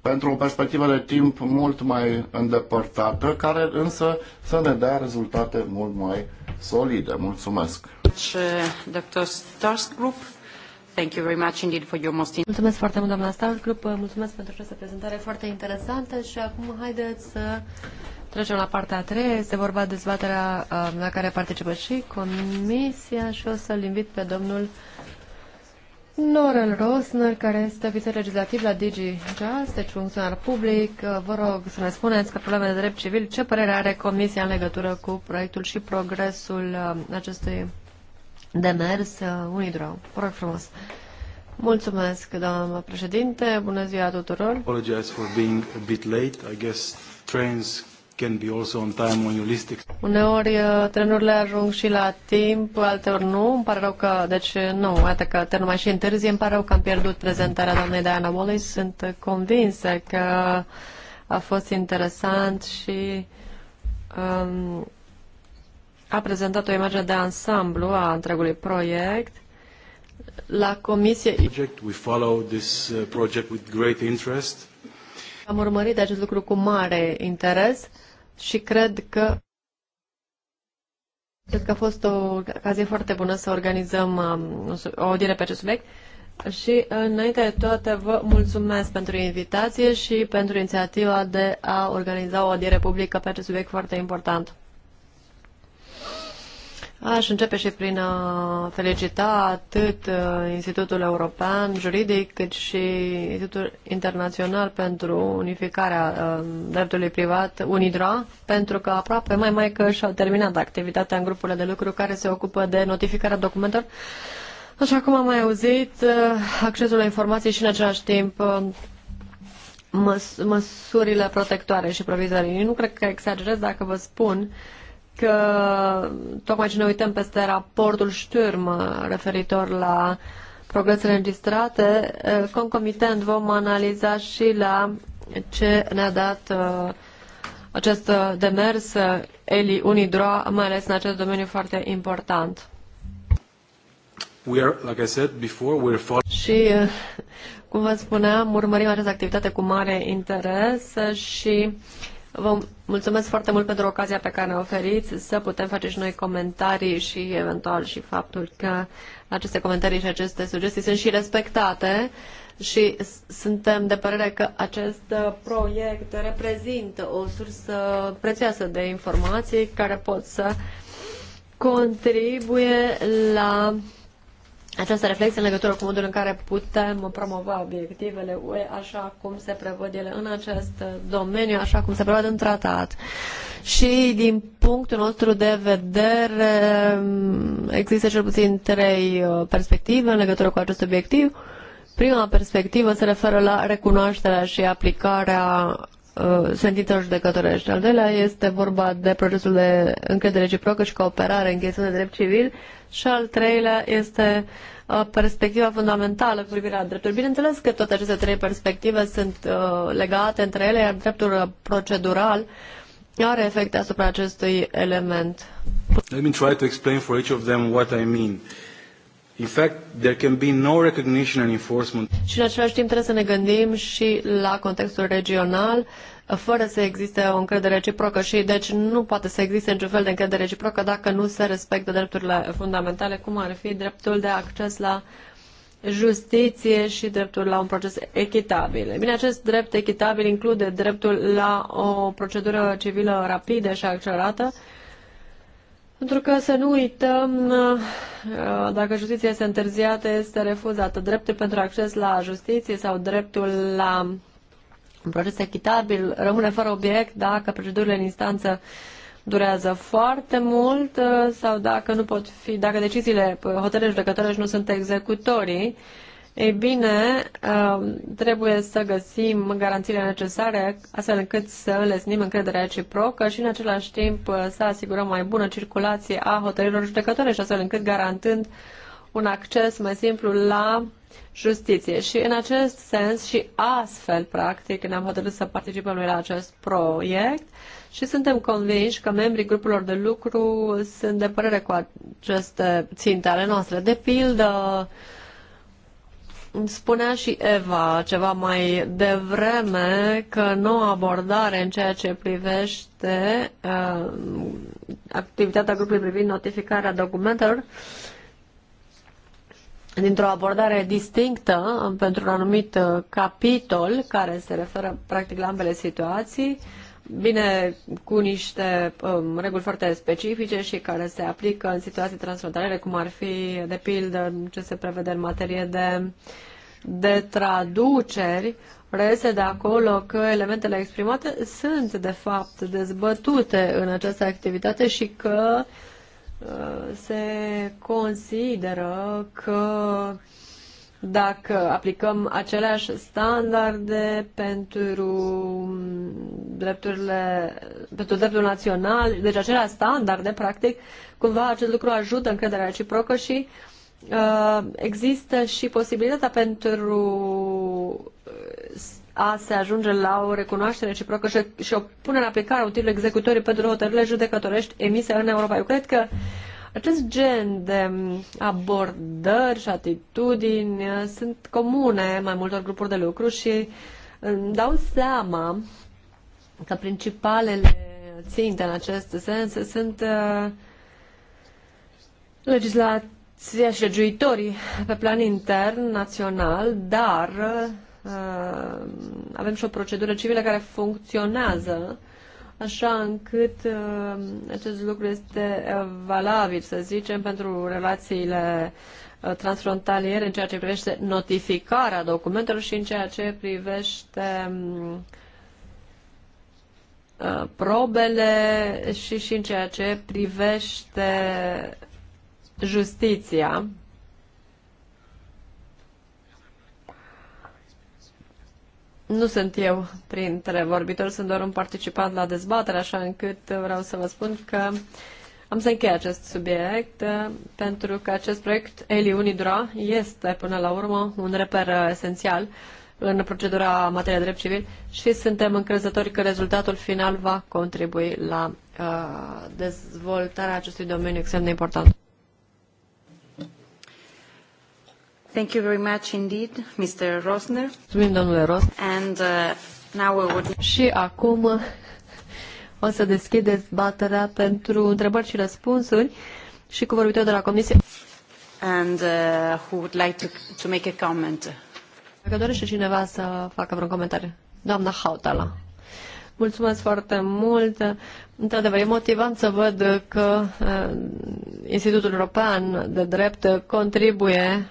Pentru o perspectivă de timp mult mai îndepărtată, care însă să ne dea rezultate mult mai solide. Mulțumesc! Mulțumesc foarte mult, doamna Starsgrup, mulțumesc pentru această prezentare foarte interesantă și acum haideți să Trecem la partea a treia. Este vorba de dezbaterea um, la care participă și Comisia și o să-l invit pe domnul Norel Rosner, care este ofițer legislativ la Digi Just, deci funcționar public. Uh, vă rog să ne spuneți că probleme de drept civil, ce părere are Comisia în legătură cu proiectul și progresul um, acestui demers uh, Unidro? Vă rog frumos. Mulțumesc, doamnă președinte. Bună ziua tuturor. Apologize for being a bit late. I guess trains can be also on time when you list Uneori uh, trenurile ajung și la timp, alteori nu. Îmi pare rău că, deci uh, nu, iată că trenul mai și întârzi, Îmi pare rău că am pierdut prezentarea doamnei Diana Wallis. Sunt convinsă că a fost interesant și um, a prezentat o imagine de ansamblu a întregului proiect. La comisie... Project, We follow this uh, project with great interest. Am urmărit acest lucru cu mare interes și cred că cred că a fost o ocazie foarte bună să organizăm um, o audiere pe acest subiect. Și uh, înainte de toate vă mulțumesc pentru invitație și pentru inițiativa de a organiza o audiere publică pe acest subiect foarte important. Aș începe și prin a felicita atât uh, Institutul European Juridic, cât și Institutul Internațional pentru Unificarea um, Dreptului Privat, UNIDRA, pentru că aproape mai mai că și-au terminat activitatea în grupurile de lucru care se ocupă de notificarea documentelor. Așa cum am mai auzit, uh, accesul la informații și în același timp uh, măs- măsurile protectoare și provizorii. Nu cred că exagerez dacă vă spun că tocmai ce ne uităm peste raportul Sturm referitor la progresele înregistrate, eh, concomitent vom analiza și la ce ne-a dat eh, acest demers eh, Eli Unidroa, mai ales în acest domeniu foarte important. We are, like I said before, we're Și, cum vă spuneam, urmărim această activitate cu mare interes și vom Mulțumesc foarte mult pentru ocazia pe care ne oferiți să putem face și noi comentarii și eventual și faptul că aceste comentarii și aceste sugestii sunt și respectate și suntem de părere că acest uh, proiect reprezintă o sursă prețioasă de informații care pot să contribuie la această reflexie în legătură cu modul în care putem promova obiectivele UE așa cum se prevăd ele în acest domeniu, așa cum se prevăd în tratat. Și din punctul nostru de vedere există cel puțin trei uh, perspective în legătură cu acest obiectiv. Prima perspectivă se referă la recunoașterea și aplicarea uh, sentințelor judecătorești. Al doilea este vorba de procesul de încredere reciprocă și cooperare în chestiune de drept civil și al treilea este uh, perspectiva fundamentală cu privire la drepturi. Bineînțeles că toate aceste trei perspective sunt uh, legate între ele, iar dreptul procedural are efecte asupra acestui element. Let me try to explain for each of them what I mean. In fact, there can be no recognition and enforcement. Și în același timp trebuie să ne gândim și la contextul regional. Uh, fără să existe o încredere reciprocă și deci nu poate să existe niciun fel de încredere reciprocă dacă nu se respectă drepturile fundamentale, cum ar fi dreptul de acces la justiție și dreptul la un proces echitabil. Bine, acest drept echitabil include dreptul la o procedură civilă rapidă și accelerată, pentru că să nu uităm, uh, dacă justiția este întârziată, este refuzată dreptul pentru acces la justiție sau dreptul la un proces echitabil rămâne fără obiect dacă procedurile în instanță durează foarte mult uh, sau dacă nu pot fi, dacă deciziile uh, hotărâri judecătorești nu sunt executorii, ei bine, uh, trebuie să găsim garanțiile necesare astfel încât să snim încrederea reciprocă și în același timp să asigurăm mai bună circulație a hotărârilor judecătorești, astfel încât garantând un acces mai simplu la justiție. Și în acest sens și astfel, practic, ne-am hotărât să participăm la acest proiect și suntem convinși că membrii grupurilor de lucru sunt de părere cu aceste ținte ale noastre. De pildă, spunea și Eva ceva mai devreme că noua abordare în ceea ce privește uh, activitatea grupului privind notificarea documentelor uh, dintr-o abordare distinctă uh, pentru un anumit uh, capitol care se referă practic la ambele situații, bine, cu niște um, reguli foarte specifice și care se aplică în situații transfrontaliere, cum ar fi, de pildă, ce se prevede în materie de, de traduceri, reiese de acolo că elementele exprimate sunt, de fapt, dezbătute în această activitate și că uh, se consideră că dacă aplicăm aceleași standarde pentru drepturile, pentru dreptul național, deci aceleași standarde, practic, cumva acest lucru ajută încrederea reciprocă și uh, există și posibilitatea pentru a se ajunge la o recunoaștere reciprocă și, și o punere în aplicare a utilului executorii pentru hotărârile judecătorești emise în Europa. Eu cred că acest gen de abordări și atitudini uh, sunt comune mai multor grupuri de lucru și uh, îmi dau seama că principalele ținte în acest sens sunt uh, legislația și legiuitorii pe plan intern, național, dar Uh, avem și o procedură civilă care funcționează așa încât uh, acest lucru este uh, valabil, să zicem, pentru relațiile transfrontaliere în ceea ce privește notificarea documentelor și în ceea ce privește um, probele și și în ceea ce privește justiția Nu sunt eu printre vorbitori, sunt doar un participant la dezbatere, așa încât vreau să vă spun că am să închei acest subiect, pentru că acest proiect Eli Unidra este, până la urmă, un reper esențial în procedura în materie de drept civil și suntem încrezători că rezultatul final va contribui la uh, dezvoltarea acestui domeniu extrem de important. Thank you very much indeed, Mr. Rosner. Mulțumim, domnule Rosner. And uh, now we would... Și acum o să deschid dezbaterea pentru întrebări și răspunsuri și cu vorbitorul de la Comisie. And uh, who would like to, to make a comment? Dacă dorește cineva să facă vreun comentariu. Doamna Hautala. Mulțumesc foarte mult. Într-adevăr, e motivant să văd că uh, Institutul European de Drept contribuie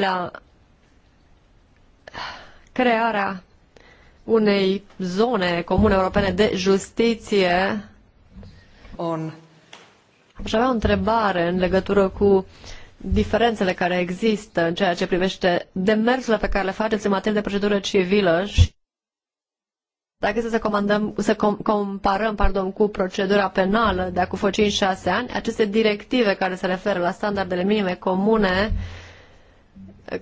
la crearea unei zone comune europene de justiție. On. Aș avea o întrebare în legătură cu diferențele care există în ceea ce privește demersurile pe care le faceți în materie de procedură civilă și dacă să, comandăm, să com- comparăm pardon, cu procedura penală de acum 5-6 ani, aceste directive care se referă la standardele minime comune uh,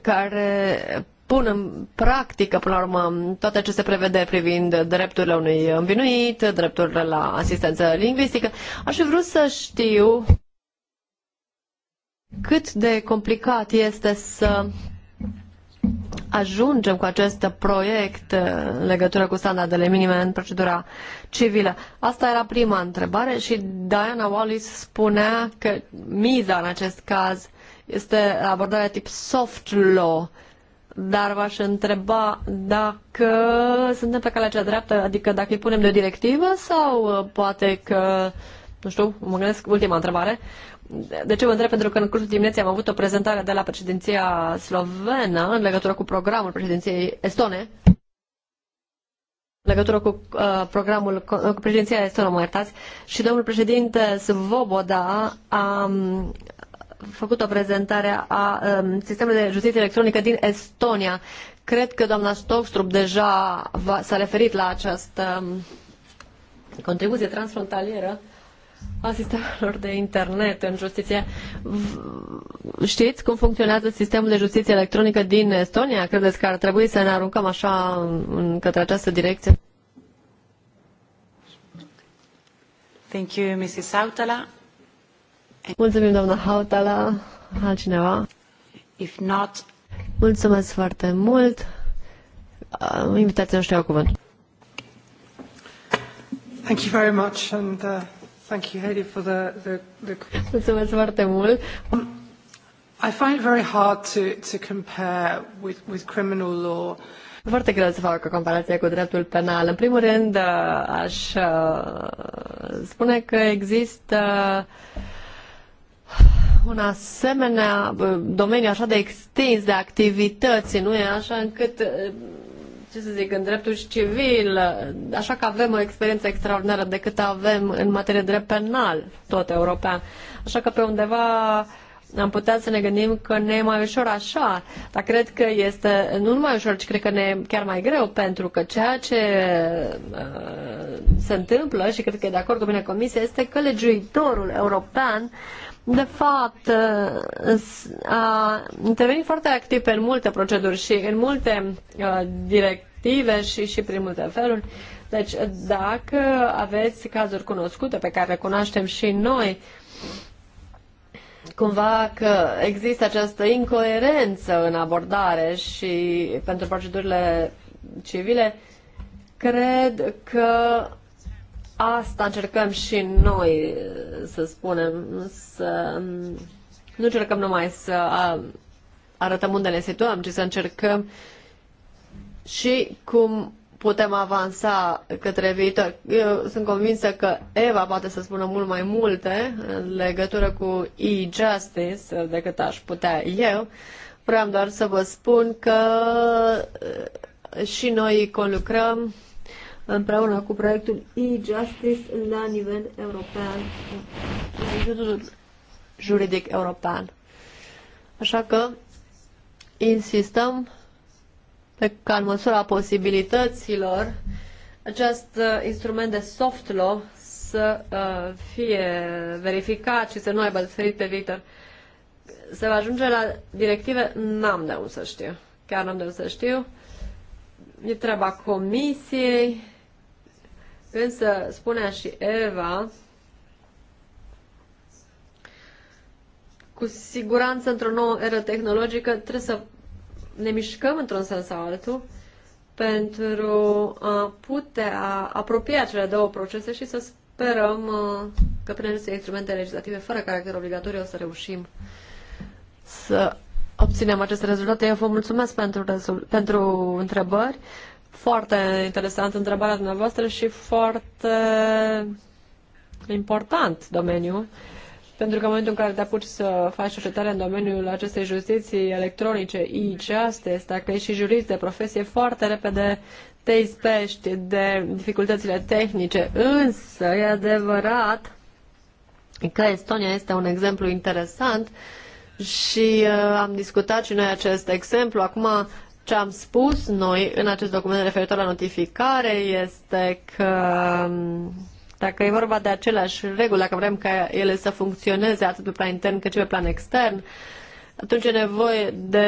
care pun în practică, până la urmă, toate aceste prevederi privind drepturile unui învinuit, drepturile la asistență lingvistică. Aș fi vrut să știu cât de complicat este să ajungem cu acest proiect în legătură cu standardele minime în procedura civilă? Asta era prima întrebare și Diana Wallis spunea că miza în acest caz este abordarea tip soft law, dar v-aș întreba dacă suntem pe calea cea dreaptă, adică dacă îi punem de o directivă sau uh, poate că, nu știu, mă gândesc, ultima întrebare, de ce vă întreb? Pentru că în cursul dimineții am avut o prezentare de la președinția slovenă în legătură cu programul președinției estone. În legătură cu uh, programul, cu președinția estone, mă iertați, și domnul președinte Svoboda a făcut o prezentare a um, sistemului de justiție electronică din Estonia. Cred că doamna Stockstrup deja s-a referit la această um, contribuție transfrontalieră a sistemelor de internet în justiție. Știți cum funcționează sistemul de justiție electronică din Estonia? Credeți că ar trebui să ne aruncăm așa în către această direcție? Thank you, Mrs. Sautala. Mulțumim, doamna Hautala. Altcineva? If not... Mulțumesc foarte mult. Uh, invitația noastră cuvânt. Thank you very much and uh, thank you Heidi for the, the, the... Mulțumesc foarte mult. Um, I find it very hard to, to compare with, with criminal law foarte greu să fac o comparație cu dreptul penal. În primul rând, uh, aș uh, spune că există uh, un asemenea domeniu așa de extins de activități, nu e așa încât ce să zic, în dreptul civil, așa că avem o experiență extraordinară de cât avem în materie de drept penal, tot european. Așa că pe undeva am putea să ne gândim că ne e mai ușor așa, dar cred că este nu numai ușor, ci cred că ne e chiar mai greu, pentru că ceea ce uh, se întâmplă, și cred că e de acord cu mine Comisia, este că legiuitorul european uh, de fapt, uh, a intervenit foarte activ pe multe proceduri și în multe uh, directive și, și prin multe feluri. Deci, dacă aveți cazuri cunoscute pe care le cunoaștem și noi, cumva că există această incoerență în abordare și pentru procedurile civile, cred că asta încercăm și noi, să spunem, să nu încercăm numai să arătăm unde ne situăm, ci să încercăm și cum putem avansa către viitor. Eu sunt convinsă că Eva poate să spună mult mai multe în legătură cu e-justice decât aș putea eu. Vreau doar să vă spun că și noi conlucrăm împreună cu proiectul e-justice la nivel european, Institutul Juridic European. Așa că insistăm pe ca în măsura posibilităților acest uh, instrument de soft law să uh, fie verificat și să nu aibă diferit pe viitor. Se va ajunge la directive? N-am de unde să știu. Chiar n-am de unde să știu. E treaba comisiei Însă, spunea și Eva, cu siguranță într-o nouă eră tehnologică trebuie să ne mișcăm într-un sens sau altul pentru a putea apropia cele două procese și să sperăm uh, că prin aceste instrumente legislative fără caracter obligatoriu o să reușim să obținem aceste rezultate. Eu vă mulțumesc pentru, pentru întrebări. Foarte interesantă întrebarea dumneavoastră și foarte important domeniu. Pentru că în momentul în care te apuci să faci cercetare în domeniul acestei justiții electronice, e este dacă ești și jurist de profesie, foarte repede te ispești de dificultățile tehnice. Însă, e adevărat că Estonia este un exemplu interesant și uh, am discutat și noi acest exemplu. Acum ce am spus noi în acest document referitor la notificare este că um, dacă e vorba de aceleași reguli, dacă vrem ca ele să funcționeze atât pe plan intern cât și pe plan extern, atunci e nevoie de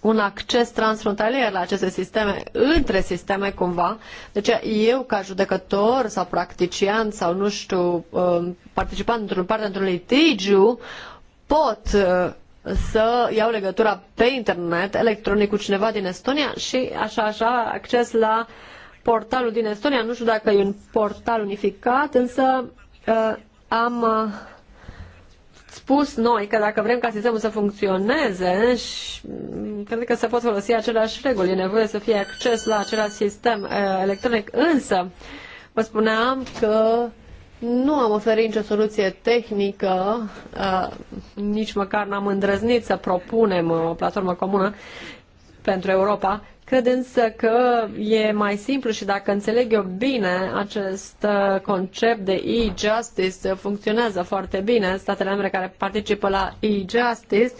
un acces transfrontalier la aceste sisteme, între sisteme cumva. Deci eu ca judecător sau practician sau nu știu, um, participant într-un parte într-un litigiu, pot uh, să iau legătura pe internet electronic cu cineva din Estonia și așa, așa, acces la portalul din Estonia. Nu știu dacă e un portal unificat, însă uh, am uh, spus noi că dacă vrem ca sistemul să funcționeze, și, mm, cred că se pot folosi aceleași reguli. E nevoie să fie acces la același sistem uh, electronic, însă vă spuneam că uh, nu am oferit nicio soluție tehnică, uh, nici măcar n-am îndrăznit să propunem uh, o platformă comună pentru Europa. Cred însă că e mai simplu și dacă înțeleg eu bine, acest uh, concept de e-justice funcționează foarte bine. Statele membre care participă la e-justice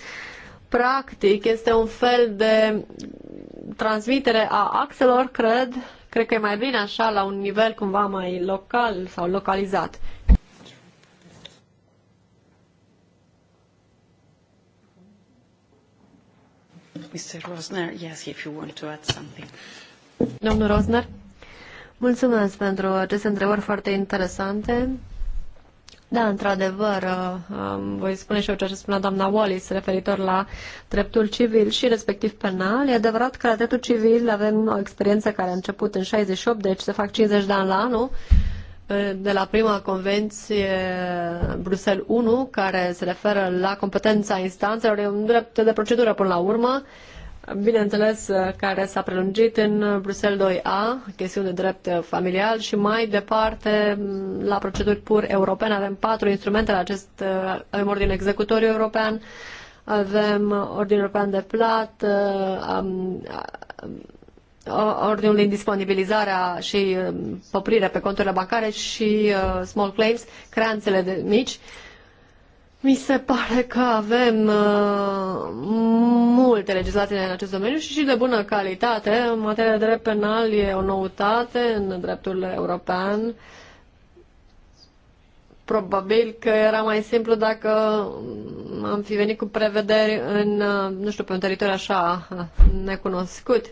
practic este un fel de transmitere a axelor, cred, Cred că e mai bine așa, la un nivel cumva mai local sau localizat. Mr. Rosner, yes, if you want to add something. Domnul Rosner, mulțumesc pentru aceste întrebări foarte interesante. Da, într-adevăr, uh, um, voi spune și eu ce spunea doamna Wallis referitor la dreptul civil și respectiv penal. E adevărat că la dreptul civil avem o experiență care a început în 68, deci se fac 50 de ani la anul, de la prima convenție Bruxelles 1, care se referă la competența instanțelor, e un drept de procedură până la urmă, bineînțeles, uh, care s-a prelungit în uh, Bruxelles 2A, chestiuni de drept uh, familial și mai departe, mm, la proceduri pur europene, avem patru instrumente la acest, avem ordin executoriu european, avem ordin european de plat, ordinul de indisponibilizare și poprire pe conturile bancare și small claims, creanțele de mici, mi se pare că avem uh, multe legislații în acest domeniu și și de bună calitate. În materie de drept penal e o noutate în dreptul european. Probabil că era mai simplu dacă am fi venit cu prevederi în, uh, nu știu, pe un teritoriu așa necunoscut.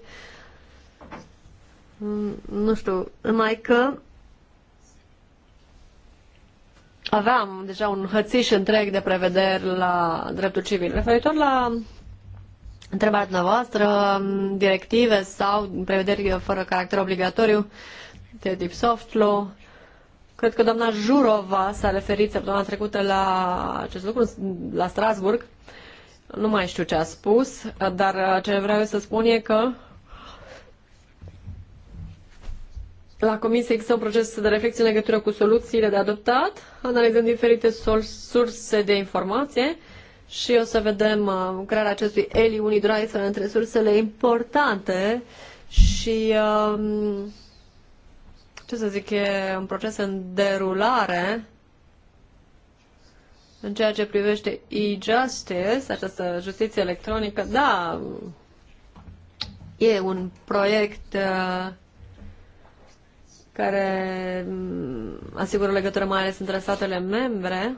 Mm, nu știu, mai că aveam deja un hățiș întreg de prevederi la dreptul civil. Referitor la întrebarea dumneavoastră, directive sau prevederi fără caracter obligatoriu de tip soft law, cred că doamna Jurova s-a referit săptămâna trecută la acest lucru la Strasburg. Nu mai știu ce a spus, dar ce vreau să spun e că La comisie există un proces de reflexie în legătură cu soluțiile de adoptat, analizând diferite surse de informație și o să vedem uh, crearea acestui Eli Unidrive între sursele importante și uh, ce să zic, e un proces în derulare în ceea ce privește e-justice, această justiție electronică, da, e un proiect uh, care mm, asigură legătură mai ales între statele membre.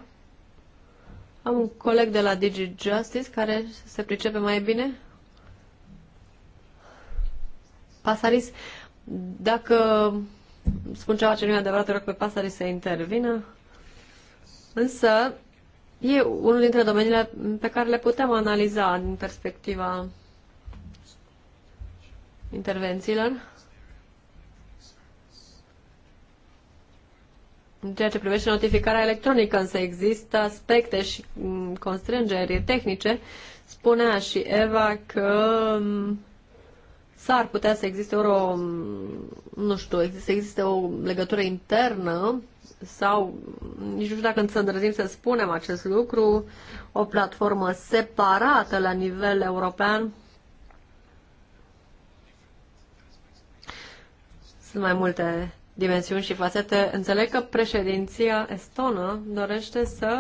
Am un coleg de la Digi Justice care se pricepe mai bine. Pasaris, dacă spun ceva ce nu e adevărat, rog pe Pasaris să intervină. Însă, e unul dintre domeniile pe care le putem analiza din perspectiva intervențiilor. în ceea ce privește notificarea electronică, însă există aspecte și mm, constrângeri tehnice. Spunea și Eva că mm, s-ar putea să existe o, mm, nu știu, să existe o legătură internă sau, nici nu știu dacă să îndrăzim să spunem acest lucru, o platformă separată la nivel european. Sunt mai multe dimensiuni și fațete. Înțeleg că președinția estonă dorește să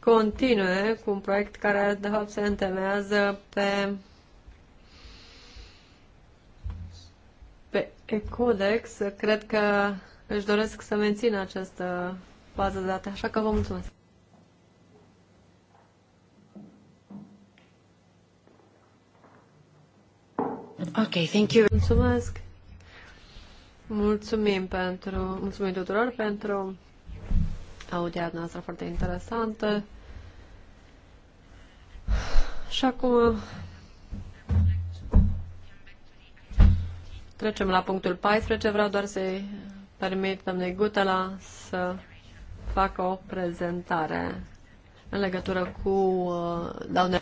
continue cu un proiect care, de fapt, se întemeiază pe, pe Ecodex. Cred că își doresc să mențină această bază de date, așa că vă mulțumesc. Ok, thank you. Mulțumesc. Mulțumim pentru, mulțumim tuturor pentru audia noastră foarte interesantă. Și acum trecem la punctul 14. Vreau doar să-i permit doamnei Gutela să facă o prezentare în legătură cu uh, daune.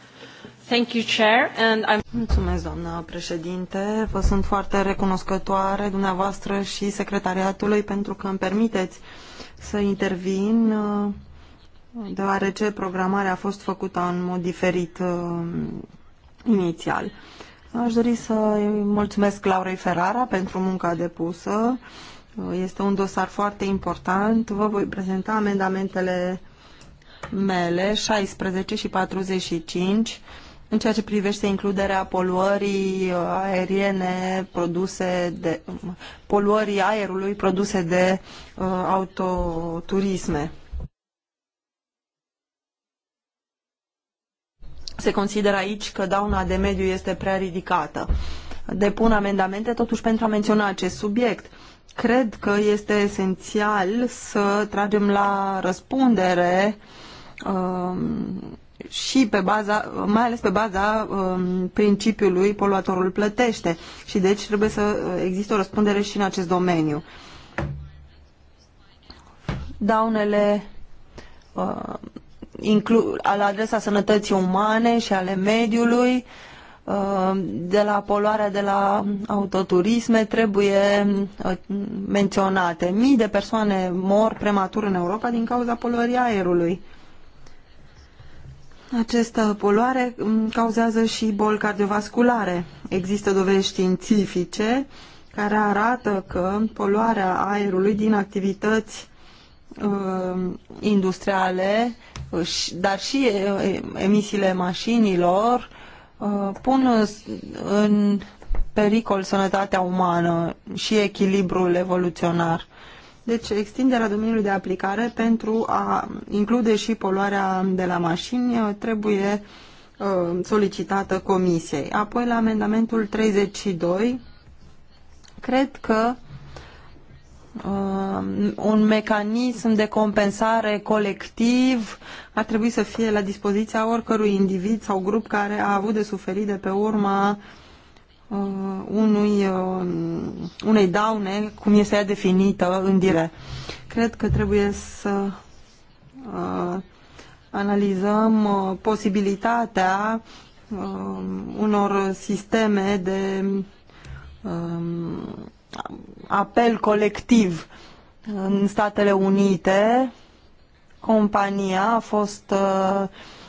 Thank you, Chair, and I'm... Mulțumesc, doamnă președinte. Vă sunt foarte recunoscătoare dumneavoastră și secretariatului pentru că îmi permiteți să intervin uh, deoarece programarea a fost făcută în mod diferit uh, inițial. Aș dori să mulțumesc Laurei Ferrara pentru munca depusă. Uh, este un dosar foarte important. Vă voi prezenta amendamentele mele, 16 și 45, în ceea ce privește includerea poluării uh, aeriene produse de poluării aerului produse de uh, autoturisme. Se consideră aici că dauna de mediu este prea ridicată. Depun amendamente totuși pentru a menționa acest subiect. Cred că este esențial să tragem la răspundere um, și pe baza, mai ales pe baza um, principiului poluatorul plătește și deci trebuie să uh, existe o răspundere și în acest domeniu. Daunele uh, inclu adresa sănătății umane și ale mediului, uh, de la poluarea de la autoturisme trebuie uh, menționate. Mii de persoane mor prematur în Europa din cauza poluării aerului această poluare mm, cauzează și boli cardiovasculare. Există dovezi științifice care arată că poluarea aerului din activități um, industriale, dar și emisiile mașinilor uh, pun în pericol sănătatea umană și echilibrul evoluționar. Deci, extinderea domeniului de aplicare pentru a include și poluarea de la mașini trebuie uh, solicitată comisiei. Apoi, la amendamentul 32, cred că uh, un mecanism de compensare colectiv ar trebui să fie la dispoziția oricărui individ sau grup care a avut de suferit de pe urma uh, uh, unui, uh, unei daune, cum este ea definită în dire. Cred că trebuie să uh, analizăm uh, posibilitatea uh, unor sisteme de uh, apel colectiv în Statele Unite. Compania a fost uh,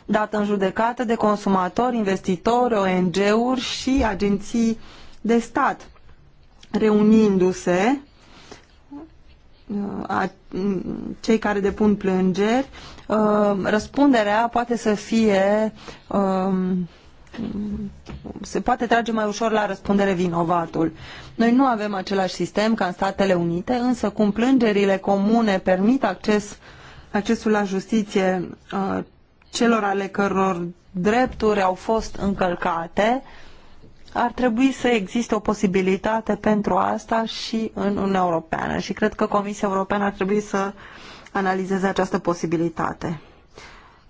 dat în judecată de consumatori, investitori, ONG-uri și agenții de stat, reunindu-se uh, a cei care depun plângeri, uh, răspunderea poate să fie um, se poate trage mai ușor la răspundere vinovatul. Noi nu avem același sistem ca în Statele Unite, însă cum plângerile comune permit acces, accesul la justiție uh, celor ale căror drepturi au fost încălcate, ar trebui să existe o posibilitate pentru asta și în Uniunea Europeană. Și cred că Comisia Europeană ar trebui să analizeze această posibilitate.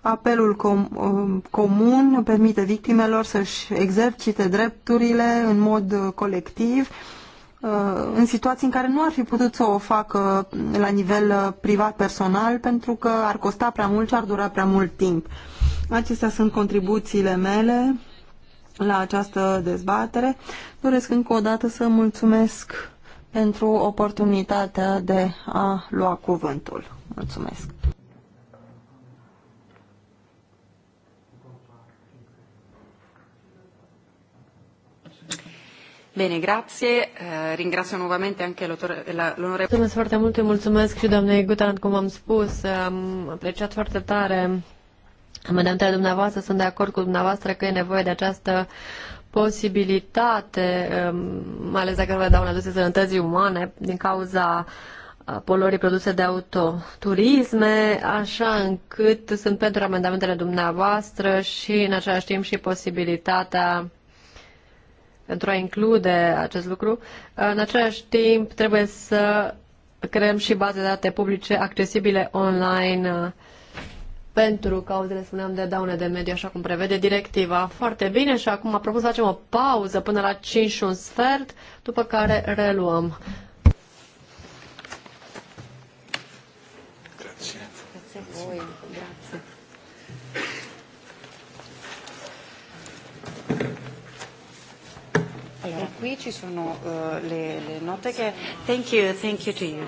Apelul com um, comun permite victimelor să-și exercite drepturile în mod colectiv Uh, în situații în care nu ar fi putut să o facă la nivel uh, privat personal pentru că ar costa prea mult și ar dura prea mult timp. Acestea sunt contribuțiile mele la această dezbatere. Doresc încă o dată să mulțumesc pentru oportunitatea de a lua cuvântul. Mulțumesc! Bine, grație. Eh, ringrazio nuovamente anche l'onorevole. Mulțumesc foarte mult, îi mulțumesc și doamnei Gutan, cum am spus, am apreciat foarte tare amendamentele dumneavoastră, sunt de acord cu dumneavoastră că e nevoie de această posibilitate, ehm, mai ales dacă vă dau aduse sănătății umane, din cauza polorii produse de autoturisme, așa încât sunt pentru amendamentele dumneavoastră și în același timp și posibilitatea pentru a include acest lucru. În același timp, trebuie să creăm și baze de date publice accesibile online uh, pentru cauzele, spuneam, de daune de mediu, așa cum prevede directiva. Foarte bine și acum apropo să facem o pauză până la 5 și un sfert, după care reluăm. Grazie. Grazie a voi. qui ci sono uh, le, le note che... Thank you, thank you to you.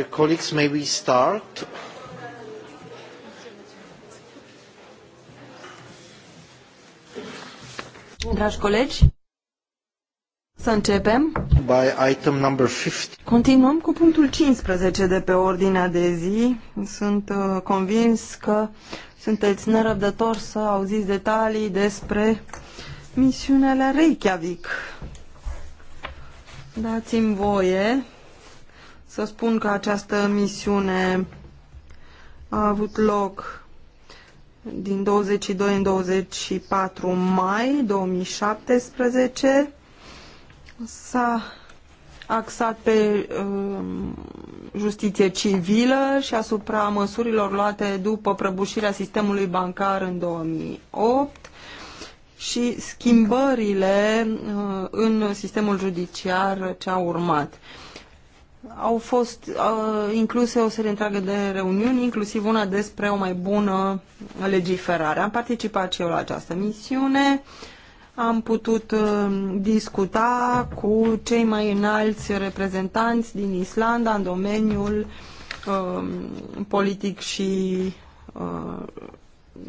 Dear colleagues, may we start? Dragi colegi, să începem. By item number 50. Continuăm cu punctul 15 de pe ordinea de zi. Sunt uh, convins că sunteți nerăbdători să auziți detalii despre misiunea la Reykjavik. Dați-mi voie să spun că această misiune a avut loc din 22 în 24 mai 2017. S-a axat pe um, justiție civilă și asupra măsurilor luate după prăbușirea sistemului bancar în 2008 și schimbările uh, în sistemul judiciar ce a urmat. Uh, au fost uh, incluse o serie întreagă de reuniuni, inclusiv una despre o mai bună legiferare. Am participat și eu la această misiune, am putut uh, discuta cu cei mai înalți reprezentanți din Islanda în domeniul uh, politic și uh,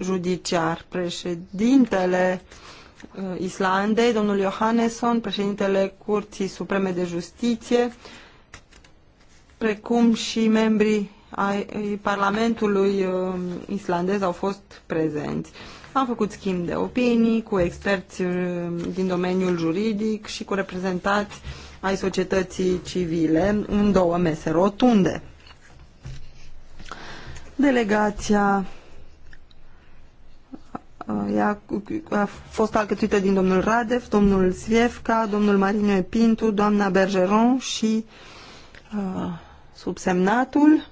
judiciar. Președintele uh, Islandei, domnul Johannesson, președintele Curții Supreme de Justiție, uh, precum și membrii ai Parlamentului uh, islandez au fost prezenți. Am făcut schimb de opinii cu experți uh, din domeniul juridic și cu reprezentanți ai societății civile în două mese rotunde. Delegația uh, ea a fost alcătuită din domnul Radev, domnul Sviefka, domnul Marino Pintu, doamna Bergeron și uh, subsemnatul.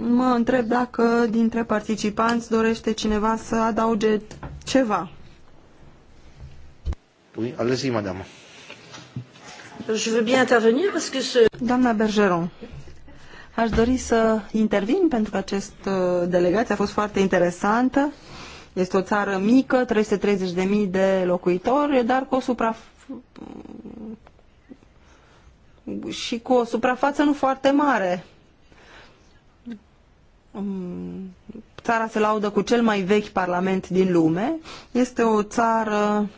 Mă întreb dacă dintre participanți dorește cineva să adauge ceva. Oui, allez madame. Je veux bien intervenir parce que ce... Doamna Bergeron, aș dori să intervin pentru că acest uh, delegație a fost foarte interesantă. Este o țară mică, 330.000 de locuitori, dar cu o suprafață și cu o suprafață nu foarte mare. Um, țara se laudă cu cel mai vechi parlament din lume. Este o țară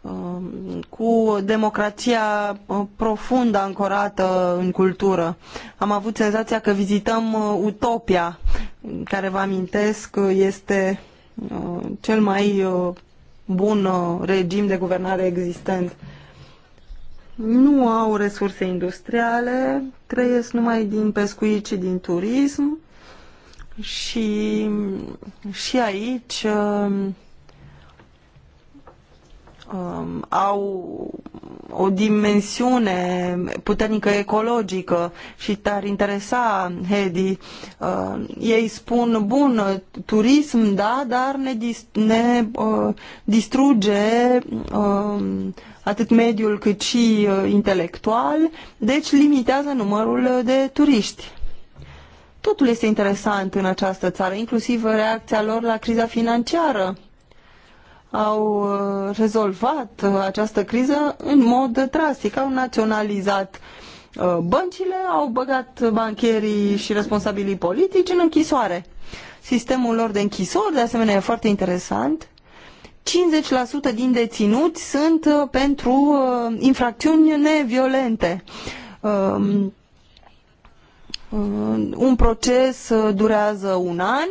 um, cu democrația uh, profundă ancorată în cultură. Am avut senzația că vizităm uh, Utopia, care vă amintesc este uh, cel mai bun regim de guvernare existent nu au resurse industriale, trăiesc numai din pescuit și din turism și, și aici um, au o dimensiune puternică ecologică și te-ar interesa, Hedi. Uh, ei spun, bun, turism, da, dar ne, dis- ne uh, distruge uh, atât mediul cât și uh, intelectual, deci limitează numărul de turiști. Totul este interesant în această țară, inclusiv reacția lor la criza financiară au uh, rezolvat uh, această criză în mod drastic. Au naționalizat uh, băncile, au băgat bancherii și responsabilii politici în închisoare. Sistemul lor de închisori, de asemenea, e foarte interesant. 50% din deținuți sunt pentru infracțiuni neviolente. Um, un proces durează un an,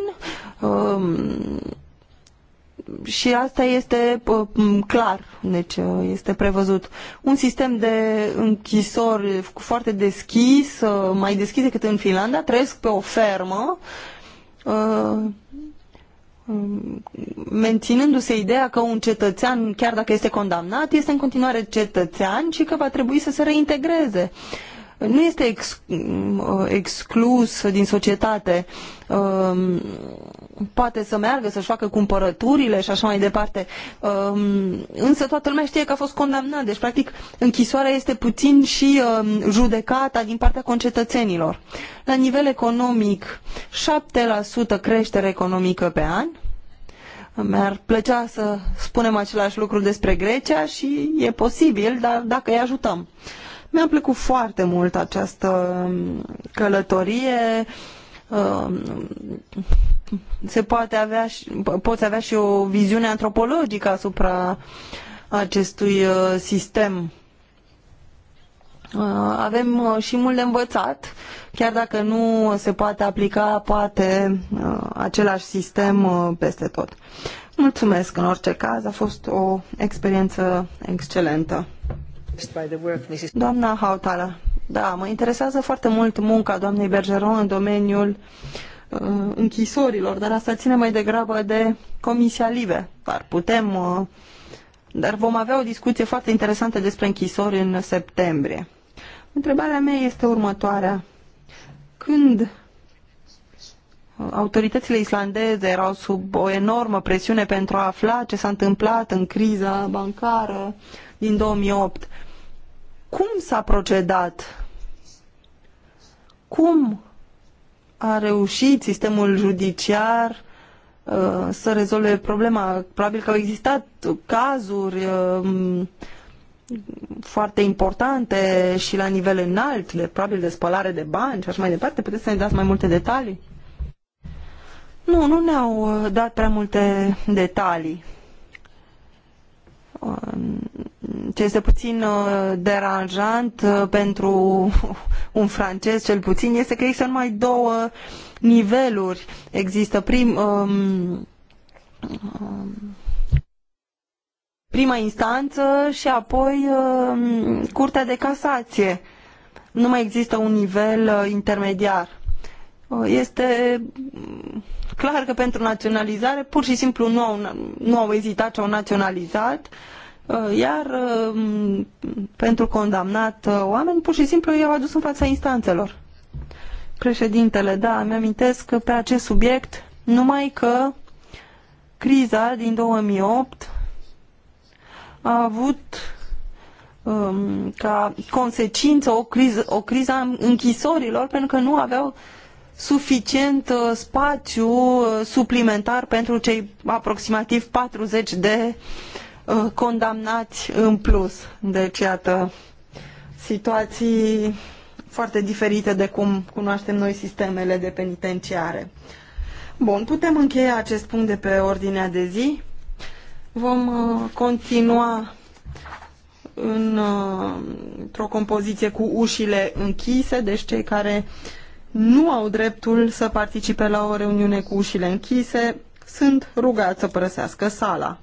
um, și asta este clar, deci ă, este prevăzut. Un sistem de închisori foarte deschis, ă, mai deschis decât în Finlanda, trăiesc pe o fermă, ă, menținându-se ideea că un cetățean, chiar dacă este condamnat, este în continuare cetățean și că va trebui să se reintegreze nu este ex, exclus din societate poate să meargă, să-și facă cumpărăturile și așa mai departe. Um, însă toată lumea știe că a fost condamnat, deci practic închisoarea este puțin și um, judecata din partea concetățenilor. La nivel economic, 7% creștere economică pe an, mi-ar plăcea să spunem același lucru despre Grecia și e posibil, dar dacă îi ajutăm. Mi-a plăcut foarte mult această um, călătorie, Um, se poate avea și, poți avea și o viziune antropologică asupra acestui uh, sistem. Uh, avem uh, și mult de învățat, chiar dacă nu se poate aplica poate același sistem peste tot. Mulțumesc în orice caz, a fost o experiență excelentă. Doamna Hautala, da, mă interesează foarte mult munca doamnei Bergeron în domeniul uh, închisorilor, dar asta ține mai degrabă de Comisia Live. Dar putem, uh, dar vom avea o discuție foarte interesantă despre închisori în septembrie. Întrebarea mea este următoarea. Când uh, autoritățile islandeze erau sub o enormă presiune pentru a afla ce s-a întâmplat în criza bancară din 2008, cum s-a procedat? Cum a reușit sistemul judiciar uh, să rezolve problema? Probabil că au existat cazuri uh, foarte importante și la nivel înalt, de, probabil de spălare de bani și așa mai departe. Puteți să ne dați mai multe detalii? Nu, nu ne-au uh, dat prea multe detalii ce este puțin uh, deranjant uh, pentru un francez cel puțin este că există numai două niveluri. Există prim, um, um, prima instanță și apoi um, curtea de casație. Nu mai există un nivel uh, intermediar. Este clar că pentru naționalizare pur și simplu nu au, nu au ezitat și au naționalizat, uh, iar um, pentru condamnat uh, oameni pur și simplu i-au adus în fața instanțelor. Președintele, da, mi-amintesc că pe acest subiect, numai că criza din 2008 a avut um, ca consecință o criză, o criză a închisorilor pentru că nu aveau suficient uh, spațiu uh, suplimentar pentru cei aproximativ 40 de uh, condamnați în plus. Deci, iată, situații foarte diferite de cum cunoaștem noi sistemele de penitenciare. Bun, putem încheia acest punct de pe ordinea de zi. Vom continua în, într-o compoziție cu ușile închise, deci cei care uh, nu au dreptul să participe la o reuniune cu ușile închise, sunt rugați să părăsească sala.